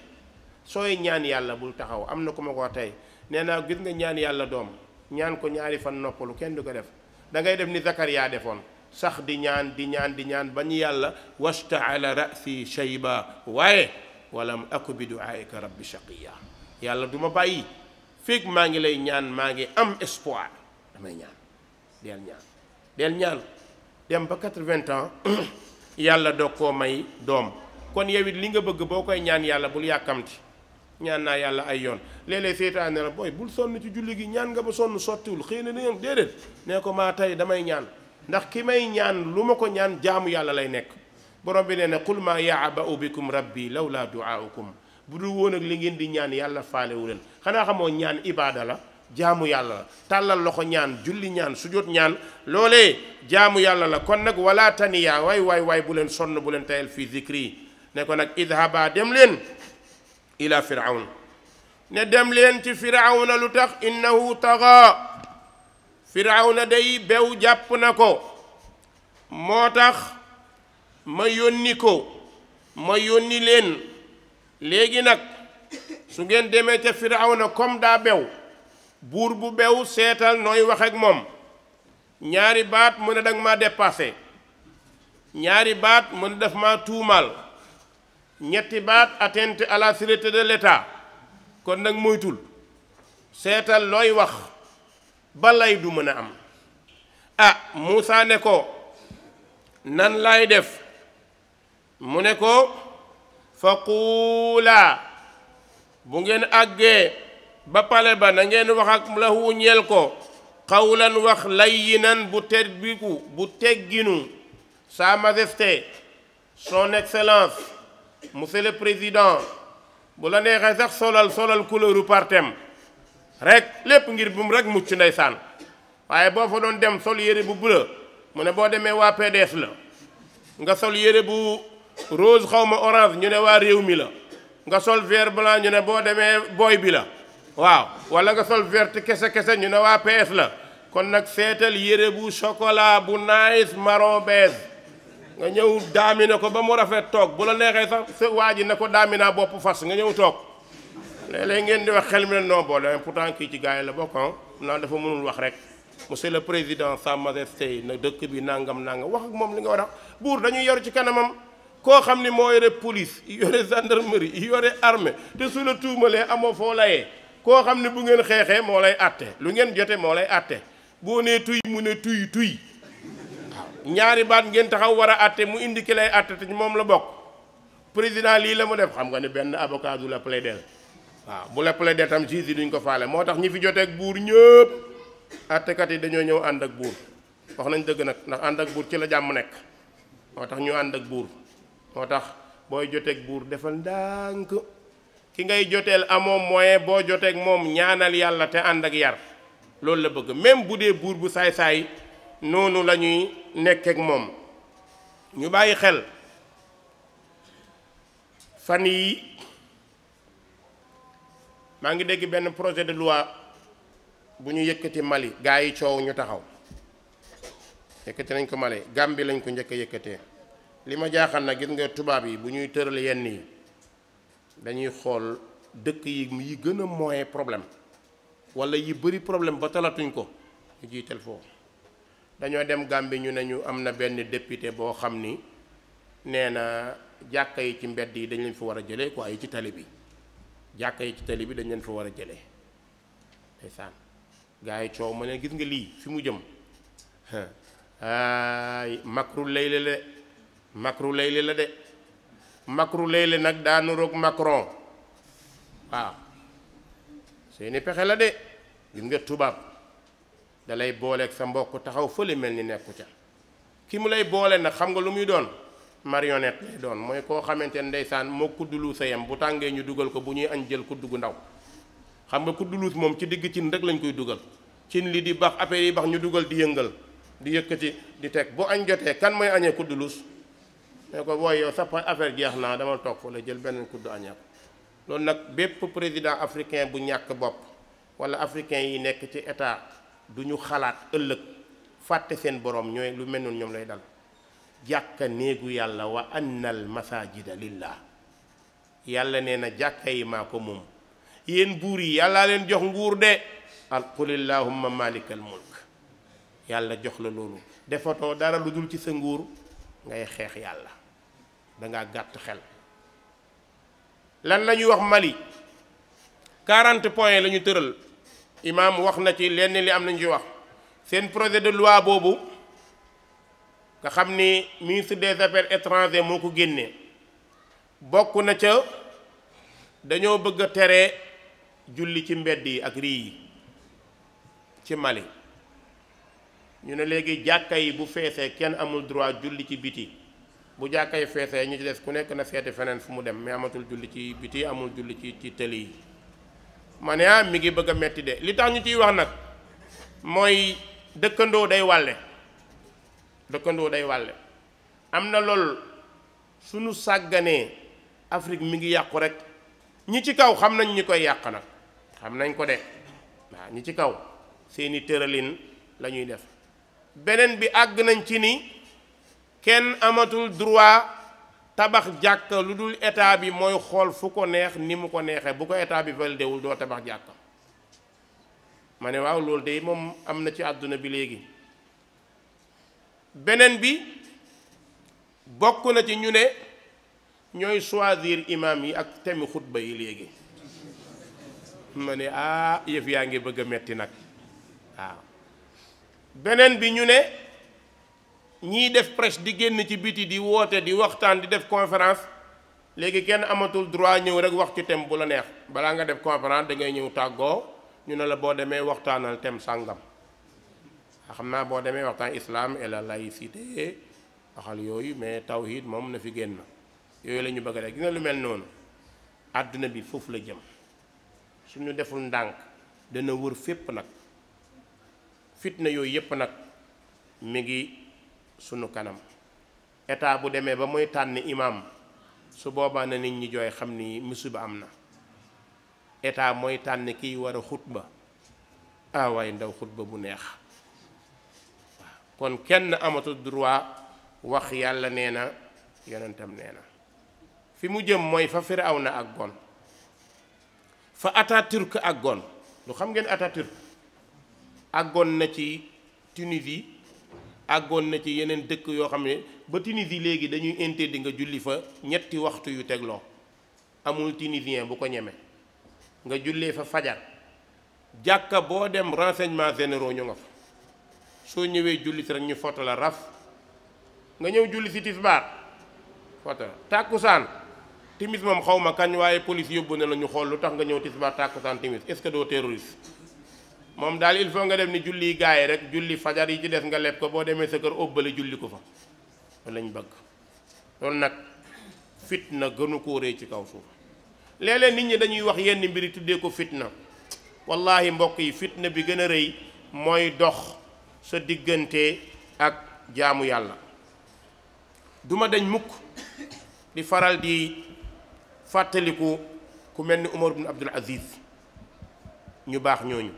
sooy ñaan yàlla bul taxaw am na ku ma ko tey nee naa gis nga ñaan yàlla doom ñaan ko ñaari fan noppalu kenn du ko def dangay ngay def ni Zakariya defoon sax di ñaan di ñaan di ñaan bañ yàlla wastaala rasi shayba waaye walam aku bi duaaika rabbi shaqiya yàlla du ma bàyyi fekk maa ngi lay ñaan maa ngi am espoir damay ñaan del ñaan dem ba quatre-vingts ans yàlla doog koo may doom kon yow it li nga bëgg boo koy ñaan yàlla bul yàkkamti ñaan naa yàlla ay yoon léeg-léeg seytaane la booy bul sonn ci julli gi ñaan nga ba sonn sottiwul xëy na ni déedéet nee ko maa tey damay ñaan ndax ki may ñaan lu ma ko ñaan jaamu yàlla lay nekk borom bi nee na qul maa yaaba'u bikum rabbi lawlaa duaaukum bu dul woon ak li ngeen di ñaan yàlla faalewu leen xanaa xamoo ñaan ibaada la jaamu yàlla la tàllal loxo ñaan julli ñaan sujjóot ñaan loolee jaamu yàlla la kon nag wala taniyaa waay waay waay bu leen sonn bu leen tayal fii zikri ne ko nag idhaba dem leen ila firawn ne dem leen ci firawna lu tax innahu taga na day bew jàpp na ko moo tax ma yónni ko ma yónni leen léegi nag su ngeen demee ca firawna comme daa bew buur bu bew seetal nooy wax ak moom ñaari baat mu ne danga ma dépassé ñaari baat mën ne ma tuumaal ñetti baat atteinte à la sûreté de kon nag moytul seetal looy wax ba lay du mën a am a ah, Moussa ne ko nan lay def mu ne ko fa quulaa bu ngeen àggee ba pale ba na ngeen wax ak la ñeel ko xawlan wax layyinan bu terbiku bu tegginu saa majesté son excellence monsieur le président bu la neexee sax solal solal couleur partem rek lépp ngir bu mu rek mucc ndeysaan waaye boo fa doon dem sol yére bu bleu mu ne boo demee waa PDS la nga sol yére bu rose xawma orange ñu ne waa réew mi la nga sol vert blanc ñu ne boo demee booy bi la waaw wala nga sol vert kese kese ñu ne waa PS la kon nag seetal yére bu chocolat bu nice marron beige nga ñëw daamina ko ba mu rafet toog bu la neexee sax sa waa ji ne ko daaminaa bopp fas nga ñëw toog léeg-léeg ngeen di wax xel mi leen noo boole pourtant kii ci gars yi la bokkan ah. naan dafa mënul wax rek monsieur le président sa majesté na dëkk bi nangam nangam wax ak moom li nga war a buur dañuy yaru ci kanamam koo xam ni moo yore police yore gendarmerie yore armée te su la tuumalee amoo foo layee koo xam ne bu ngeen xeexee moo lay àtte lu ngeen jote moo lay àtte boo nee tuy mu ne tuy tuy ñaari baat ngeen taxaw war a àtte mu indi ki lay moom la bokk président lii la mu def xam nga ne benn avocat du la plaider waaw bu la plaidé tam juge yi duñ ko faale moo tax ñi fi jotee ak buur ñëpp àttekat yi dañoo ñëw ànd ak buur wax nañ dëgg nag ndax ànd ak buur ci la jàmm nekk moo tax ñu ànd ak buur moo tax booy joteeg buur defal ndànk ki ngay joteel amoo moyen boo joteeg moom ñaanal yàlla te ànd ak yar loolu la bëgg même bu dee buur bu saay-saay noonu la ñuy nekk ak moom ñu bàyyi xel fan yi maa ngi dégg benn projet de loi bu ñu yëkkati Mali gaa yi coow ñu taxaw yëkkati nañ ko Mali Gambie lañ ko njëkk a li ma jaaxal na gis nga tubaab yi bu ñuy tëral yenn yi dañuy xool dëkk yi yi gën a moyen problème walla yi bëri problème ba talatuñ ko ñu jiital foofu dañoo dem Gambie ñu ne ñu am na benn député boo xam ni nee na jàkka yi ci mbedd yi dañ leen fi war a jëlee quoi ci tali bi jàkka yi ci tali bi dañ leen fa war a jëlee ndeysaan gars yi coow ma ne gis nga lii fi mu jëm ay makru layle la makru layle de makru layle nag daanu roog Macron waaw seeni pexe la de gis nga tubaab dalay booleek sa mbokk taxaw fële mel ni nekku ca ki mu lay boole nag xam nga lu muy doon marionnette lay doon mooy koo xamante ne ndeysaan moo kuddulu sa yem bu tàngee ñu dugal ko bu ñuy añ jël kuddu gu ndaw xam nga kudduluus moom ci digg cin rek lañ koy dugal cin li di bax appel yi bax ñu dugal di yëngal di yëkkati di teg bu añ jotee kan mooy añee kudduluus ne ko booy yow sa affaire jeex naa dama toog fa jël benn kuddu añee loolu nag bépp président africain bu ñàkk bopp wala africain yi nekk ci état du ñu xalaat ëllëg fàtte seen borom ñooy lu mel noonu ñoom lay dal jàkka néegu yàlla wa annal masajida lillah yàlla nee na jàkka yi maa ko moom yéen buur yi yàlla leen jox nguur de al qul illahumma malikal mulk yàlla jox la loolu defatoo dara lu dul ci sa nguur ngay xeex yàlla dangaa gàtt xel lan lañuy wax Mali 40 point la ñu tëral imaam wax na ci lenn li am nañu ci wax seen projet de loi boobu nga xam ni ministre des affaires étrangères moo ko génnee bokk na ca dañoo bëgg a tere julli ci mbedd yi ak rii yi ci Mali ñu ne léegi jàkka yi bu feesee kenn amul droit julli ci biti bu jàkka yi feesee ñu ci des ku nekk na seeti feneen fu mu dem mais amatul julli ci biti amul julli ci ci tëli yi ma ah, mi ngi bëgg a metti de li tax ñu ciy wax nag mooy dëkkandoo day wàlle dëkkandoo day wàlle am na loolu suñu sàgganee Afrique mi ngi yàqu rek ñi ci kaw xam nañ ñi koy yàq nag xam nañ ko de waaw ñi ci kaw seeni tëralin lañuy def beneen bi àgg nañ ci ni kenn amatul droit tabax jàkk lu dul état bi mooy xool fu ko neex ni mu ko neexee bu ko etaa bi validé wul doo tabax jàkk ma ne waaw loolu de moom am na ci àdduna bi léegi beneen bi bokk na ci ñu ne ñooy choisir imam yi ak temi xutba yi léegi ma ne ah yëf yaa ngi bëgg a metti nag waaw beneen bi ñu ne ñiy def presse di génn ci biti di woote di waxtaan di def conférence léegi kenn amatul droit ñëw rek wax ci thème bu la neex balaa nga def conférence da ñëw tàggoo ñu ne la boo demee waxtaanal thème sàngam xam naa boo demee waxtaan islam et la laïcité waxal yooyu mais tawhid moom na fi génn yooyu la ñu bëgg rek dina lu mel noonu àdduna bi foofu la jëm suñu deful ndànk dana wër fépp nag fitna yooyu yépp nag mi ngi sunu kanam état bu demee ba muy tànn imaam su boobaa na nit ñi jooy xam ni musiba am na état mooy tànn kiy war a xutba ah waaye ndaw xutba bu neex kon kenn amatu droit wax yàlla nee na yonentam nee na fi mu jëm mooy fa firaw na ak gon fa Atatürk ak gon lu xam ngeen Atatürk àggoon na ci Tunisie àggoon na ci yeneen dëkk yoo xam ne ba Tunisie léegi dañuy di nga julli fa ñetti waxtu yu tegloo amul tunisien bu ko ñemee nga jullee fa fajar jàkka boo dem renseignement généraux ñu nga fa soo ñëwee julli si rek ñu foto la raf nga ñëw julli si tisbaar foto la tàkkusaan timis moom xaw ma kañ waaye police yóbbu na la ñu xool lu tax nga ñëw tisbaar tàkkusaan timis est-ce que doo terroriste moom daal il faut nga dem ni julli gaa yi rek julli fajar yi ci des nga leb boo demee sa kër óbbale julli ko fa loolu lañ bëgg loolu nag fitna gënu koo rëy ci kaw suuf léeg-léeg nit ñi dañuy wax yenn mbiri tuddee ko fitna wallaahi mbokk yi fitna bi gën a rëy mooy dox sa diggante ak jaamu yàlla duma dañ mukk di faral di fàttaliku ku mel ni Umar ibn Abdul Aziz ñu baax ñooñu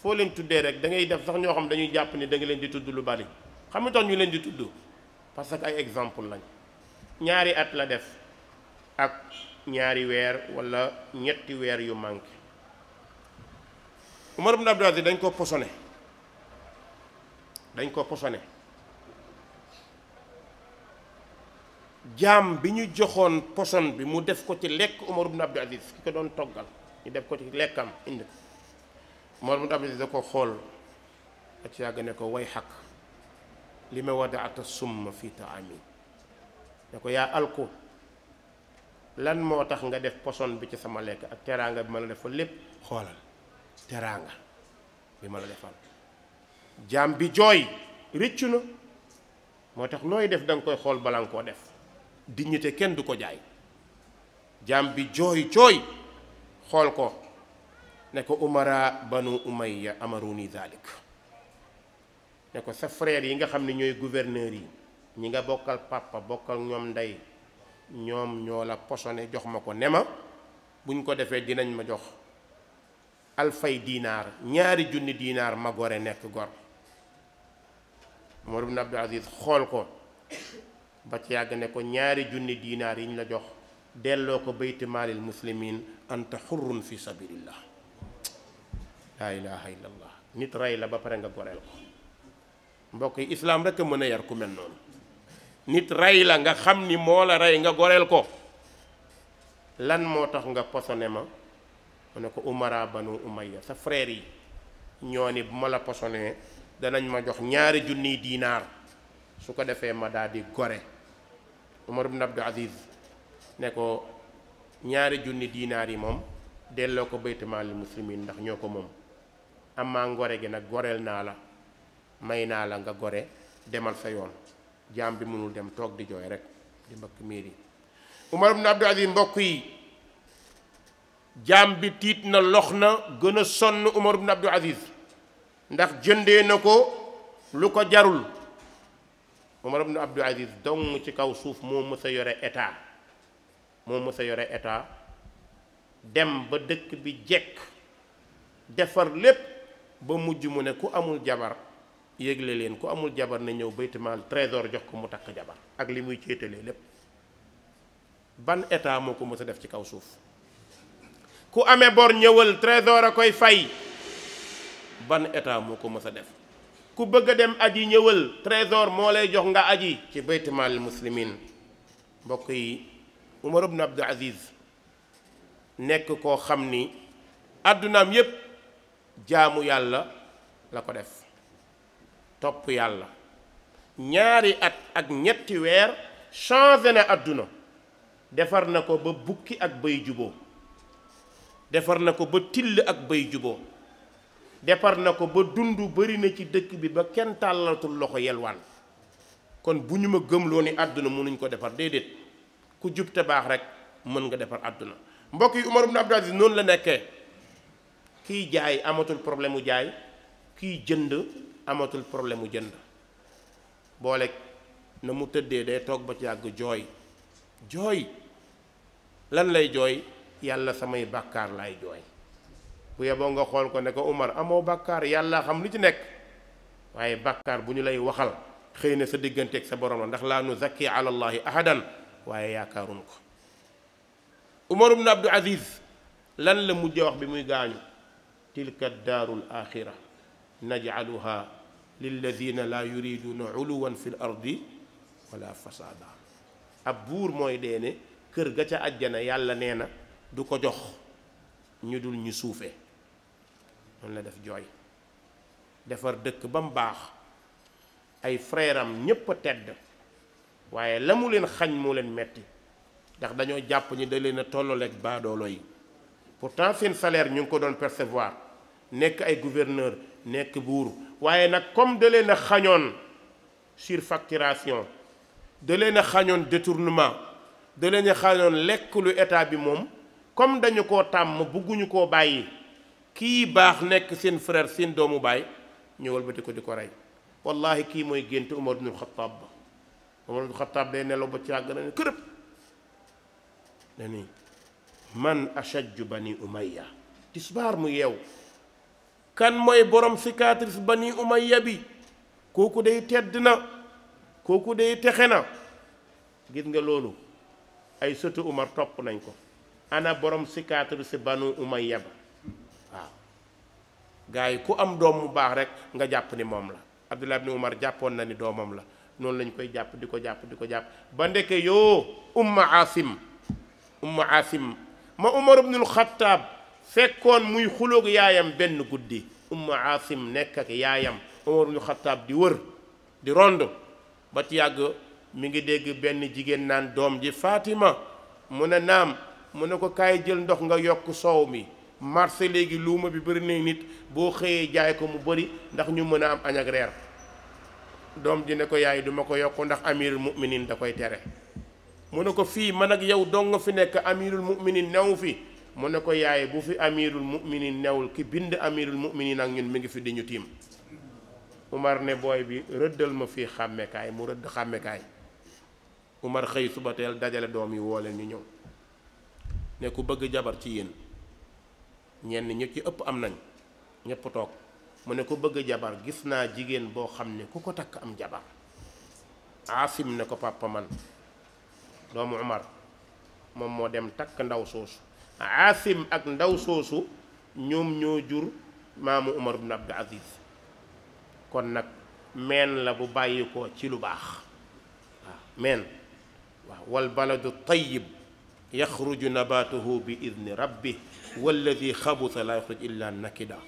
foo leen tuddee rek da ngay def sax ñoo xam dañuy jàpp ni da nga leen di tudd lu bari xam nga tax ñu leen di tudd parce que ay exemple lañ ñaari at la def ak ñaari weer walla ñetti weer yu manqué Umar na Abdul Aziz dañ ko posone dañ ko posone jaam bi ñu joxoon poson bi mu def ko ci lekk Omar ibn Abdul Aziz ki ko doon toggal ñu def ko ci lekkam indi Omar ibn Abdul Aziz da ko xool ak ci yàgg ne ko way xaq li ma wadaata ma fii taami ne ko yaa alku lan moo tax nga def poson bi ci sama lekk ak teraanga bi ma la defal lépp xoolal teraanga bi ma la defal jaam bi jooy rëccu na moo tax looy def danga koy xool balaa nga koo def dignité kenn du ko jaay jaam bi jooy jooy xool ko ne ko umara banu umayya amaruni dalik ne ko sa frère yi nga xam ne ñooy gouverneur yi ñi nga bokkal papa bokkal ñoom ndey ñoom ñoo la posone jox ma ko ne ma buñ ko defee dinañ ma jox alfay diinaar ñaari junni diinaar ma gore nekk gor Omar ibn Abdul xool ko ci yàgg ne ko ñaari junni diinaar yi la jox delloo ko bayti maalil muslimin anta xurrun fi sabilillah laa ilaha nit rey la ba pare nga goreel yi islaam rek mën a yar ku mel noonu la nga xam ni moo la ko lan moo tax nga posone ma mu ne ko umara banu umayya sa frère yi ñoo ni bu ma la posonee danañ ma jox ñaari junni dinaar su ko defee ma daal di gore Umar ibn Abdul Aziz ne ko ñaari junni diinaar yi moom delloo ko baytu maalil muslimin ndax ñoo ko moom amaa ngore gi nag goreel naa la may naa la nga gore demal sa yoon jaam bi mënul dem toog di jooy rek di mbëkk miir yi Umar ibn Abdul Aziz mbokk yi jaam bi tiit na lox na gën a sonn Umar ibn Abdul Aziz ndax jëndee na ko lu ko jarul Omar ibn Abdou Aziz dong ci kaw suuf moo mës yore état moo mës yore état dem ba dëkk bi jekk defar lépp ba mujj mu ne ku amul jabar yégle leen ku amul jabar na ñëw baytimaal trésor jox ko mu takk jabar ak li muy céetalee lépp ban état moo ko mës a def ci kaw suuf ku amee bor ñëwal trésor a koy fay bann état moo ko mës a def ku bëgg a dem aji ñëwal trésor moo lay jox nga aji ci baytimaal muslimin mbokk yi Umar ibn Abdul Aziz nekk koo xam ni àddunaam yépp jaamu yàlla la ko def topp yàlla ñaari at ak ñetti weer changé na àdduna defar na ko ba bukki ak bay juboo defar na ko ba till ak bay juboo defar na ko ba dund bari na ci dëkk bi ba kenn tàllatul loxo yelwaan kon bu ñu ma gëmloo ni àdduna mënuñ ko defar déedéet ku jub te baax rek mën nga defar àdduna mbokk yi Umar ibn Abdul noonu la nekkee kiy jaay amatul problème mu jaay kiy jënd amatul problème mu jënd boole na mu tëddee day toog ba ci yàgg jooy jooy lan lay jooy yàlla samay bàkkaar lay jooy bu yeboo nga xool ko ne ko Umar amoo bàkkaar yàlla xam lu ci nekk waaye bàkkaar bu ñu lay waxal xëy na sa digganteeg sa borom ndax laa nu zakki ala allahi ahadan waaye yaakaaruñu ko Umar ibn Abdul Aziz lan la mujje wax bi muy gaañu tilka daaru laaxira najcaluha lilladina laa yuriduna uluwan fi l ardi wala ab buur mooy deene kër ga ca àjjana yàlla nee na du ko jox ñu dul ñu suufe noonu la def jooy defar dëkk ba mu baax ay freeram am ñépp a tedd waaye la mu leen xañ moo leen metti ndax dañoo jàpp ni da leen a tollaleeg baadoolo yi pourtant seen salaire ñu ngi ko doon percevoir nekk ay gouverneur nekk buur waaye nag comme da leen a xañoon surfacturation da leen xañoon détournement da leen xañoon lekk lu état bi moom comme dañu ko tàmm bëgguñu koo bàyyi kii baax nekk seen frère seen doomu baay ñu walbati ko di ko rey wallahi kii mooy gént Umar ibnul Xattaab ba Umar ibnul Xattaab day nelaw ba ci àgg na ne kërëb ne nii man ashajju bani umayya mu yeew kan mooy borom cicatrice bani umayya bi kooku day tedd na kooku day texe na gis nga loolu ay sëtu Umar topp nañ ko ana borom cicatrice banu umayya ba gars yi ku am doom mu baax rek nga jàpp ni moom la Abdullah ibn Umar jàppoon na ni doomam la noonu lañu koy jàpp di ko jàpp di ko jàpp ba ndeke yoo umma asim umma asim ma Umar ibnul Xattaab fekkoon muy xuloog yaayam benn guddi umma asim nekk ak yaayam Umar ibnul Xattaab di wër di rond ba ci yàgg mu ngi dégg benn jigéen naan doom ji Fatima mu ne naam mu ne ko kaay jël ndox nga yokk soow mi marché léegi luuma bi bëri nañ nit boo xëyee jaay ko mu bari ndax ñu mën a am añ ak reer doom ji ne ko yaay duma ko yokk ndax amirul muminin da koy tere mu ne ko fii man ak yow dong nga fi nekk amirul muminin new fi mu ne ko yaay bu fi amirul muminin newul ki bind amirul muminin ak ñun mi ngi fi di ñu tiim Umar ne booy bi rëddal ma fii xàmmeekaay mu rëdd xàmmekaay Umar xëy suba teel dajale doom yi woo leen ñu ñëw ne ku bëgg jabar ci yéen ñenn ñu ci ëpp am nañ ñépp toog mu ne ko bëgg jabar gis naa jigéen boo xam ne ku ko takk am jabar Asim ne ko papa man doomu Umar moom moo dem takk ndaw soosu Asim ak ndaw soosu ñoom ñoo jur maamu Umar ibn Abdul Aziz kon nag meen la bu bàyyi ko ci lu baax waaw meen waaw wal baladu tayyib yaxruju nabatuhu bi idni rabbih walladi xabusa laa yaxruj illa nakida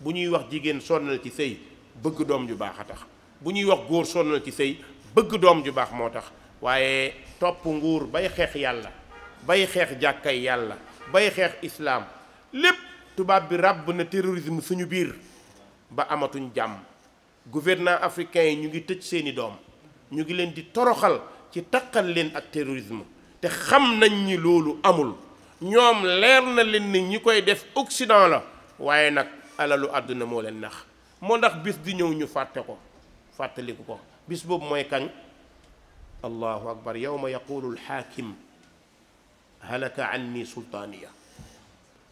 bu ñuy wax jigéen sonnal ci sëy bëgg doom ju baax a tax bu ñuy wax góor sonnal ci sëy bëgg doom ju baax moo tax waaye topp nguur bay xeex yàlla bay xeex jàkkay yàlla bay xeex islaam lépp tubaab bi ràbb na terrorisme suñu biir ba amatuñ jàmm gouvernement africain yi ñu ngi tëj seeni doom ñu ngi leen di toroxal ci taqal leen ak terrorisme te xam nañ ni loolu amul ñoom leer na leen ni ñi koy def Occident la waaye nag alalu àdduna moo leen nax moo ndax bis di ñëw ñu fàtte ko fàttaliku ko bis boobu mooy kañ allahu akbar yowma yaqulu alxaakim halaka anni sultaaniya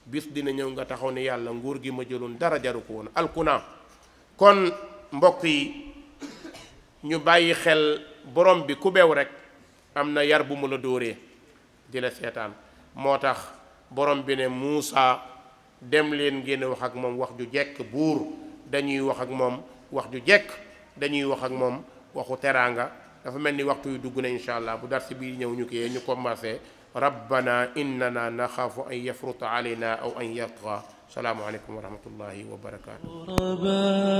bis dina ñëw nga taxaw ni yàlla nguur gi ma jëloon dara jaru ko woon alkuna kon mbokk yi ñu bàyyi xel borom bi ku beew rek am na yar bu mu la dóoree di seetaan moo tax borom bi ne Muusa dem leen ngeen wax ak moom wax ju jekk buur dañuy wax ak moom wax ju jekk dañuy wax ak moom waxu teraanga dafa mel ni waxtu yu dugg na incha allah bu darsi biir ñëw ñu kiyee ñu commencé rabbana innana naxaafu an yafruta alayna aw an yatgha salaamu aleykum wa rahmatullahi wa barakaatu